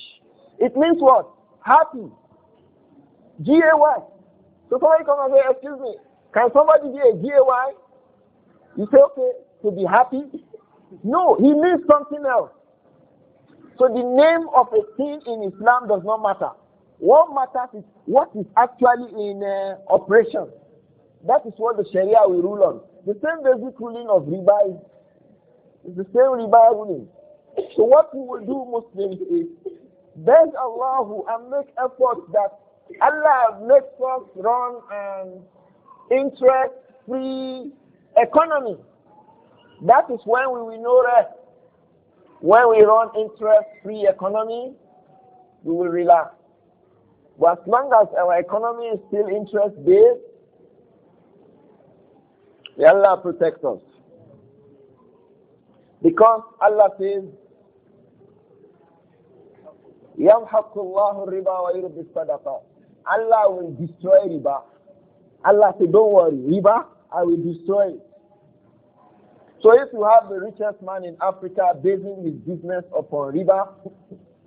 it means what? Happy. G-A-Y. So somebody comes and says, excuse me, can somebody be a G-A-Y? You say, okay, to be happy? No, he means something else. So the name of a thing in Islam does not matter. What matters is what is actually in uh, operation. That is what the Sharia will rule on. The same basic ruling of riba is, is the same riba ruling. So what we will do, Muslims, is beg Allah and make effort that Allah makes us run an interest-free economy. That is when we will know rest. When we run interest-free economy, we will relax. But as long as our economy is still interest-based, May Allah protect us. Because Allah says, يَمْحَقُ اللَّهُ الرِّبَى وَيُرْبِ الصَّدَقَةِ Allah will destroy riba. Allah said, don't worry, riba, I will destroy it. So if you have the richest man in Africa basing his business upon riba,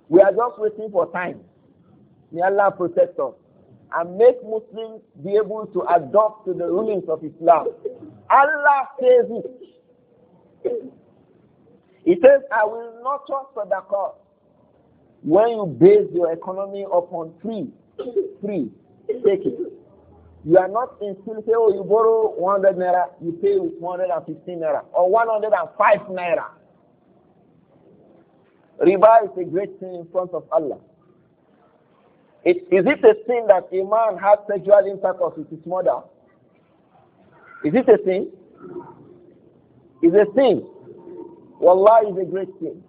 we are just waiting for time. May Allah protect us and make Muslims be able to adopt to the rulings of Islam. Allah says it. He says, I will not the cause." when you base your economy upon three. Three. Take it. You are not in still say, oh, you borrow 100 naira, you pay with 115 naira or 105 naira. Riba is a great sin in front of Allah. It, is it a sin that a man has sexual intercourse with his mother? Is it a sin? Is a sin. Wallah is a great sin.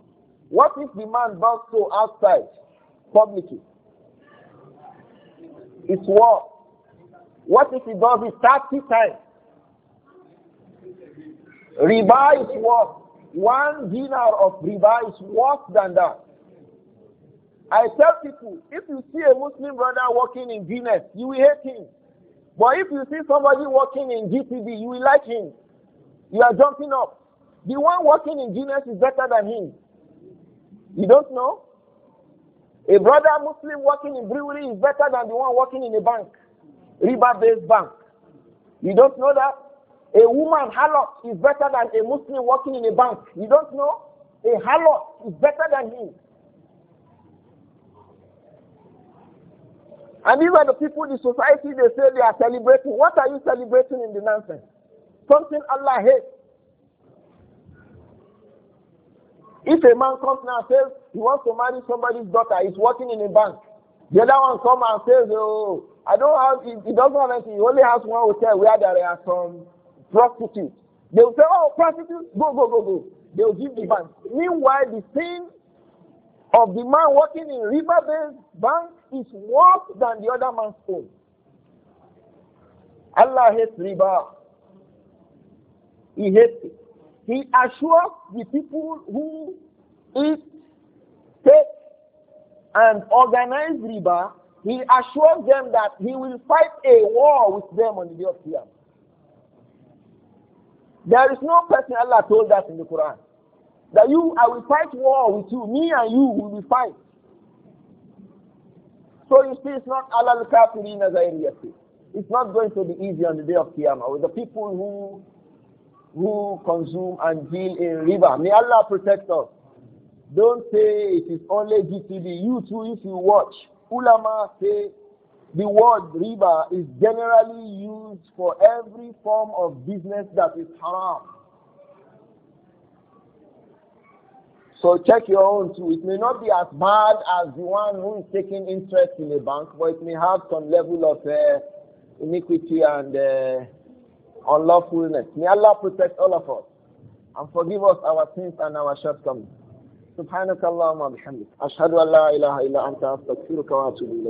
What if the man bows to outside, publicly? It's war. What if he does it 30 times? Riba is worth one dinar of riba is worse than that. I tell people, if you see a Muslim brother working in Guinness, you will hate him. But if you see somebody working in GTD, you will like him. You are jumping up. The one working in genius is better than him. You don't know? A brother Muslim working in brewery is better than the one working in a bank, river-based bank. You don't know that? A woman harlot is better than a Muslim working in a bank. You don't know? A harlot is better than him. And these are the people in the society they say they are celebrating. What are you celebrating in the nonsense? Something Allah hates. If a man comes now and says he wants to marry somebody's daughter, he's working in a bank. The other one comes and says, Oh, I don't have, he, he doesn't have anything. He only has one hotel where there are some prostitutes. They will say, Oh, prostitutes, go, go, go, go. They will give the bank. Meanwhile, the thing of the man working in river-based bank is worse than the other man's own. Allah hates riba. He hates it. He assures the people who eat, take, and organize riba, he assures them that he will fight a war with them on the day of Qiyam. There is no person Allah told us in the Quran that you, I will fight war with you, me and you will be fight. So you see, it's not alal kafirina zairiyati. It's not going to be easy on the day of Qiyamah with the people who who consume and deal in riba. May Allah protect us. Don't say it is only GTB. You too, if you watch, ulama say the word riba is generally used for every form of business that is haram. So check your own too. It may not be as bad as the one who is taking interest in a bank, but it may have some level of uh, iniquity and uh, unlawfulness. May Allah protect all of us and forgive us our sins and our shortcomings. سبحانك اللهم وبحمدك أشهد أن لا إله إلا أنت أستغفرك وأتوب إليك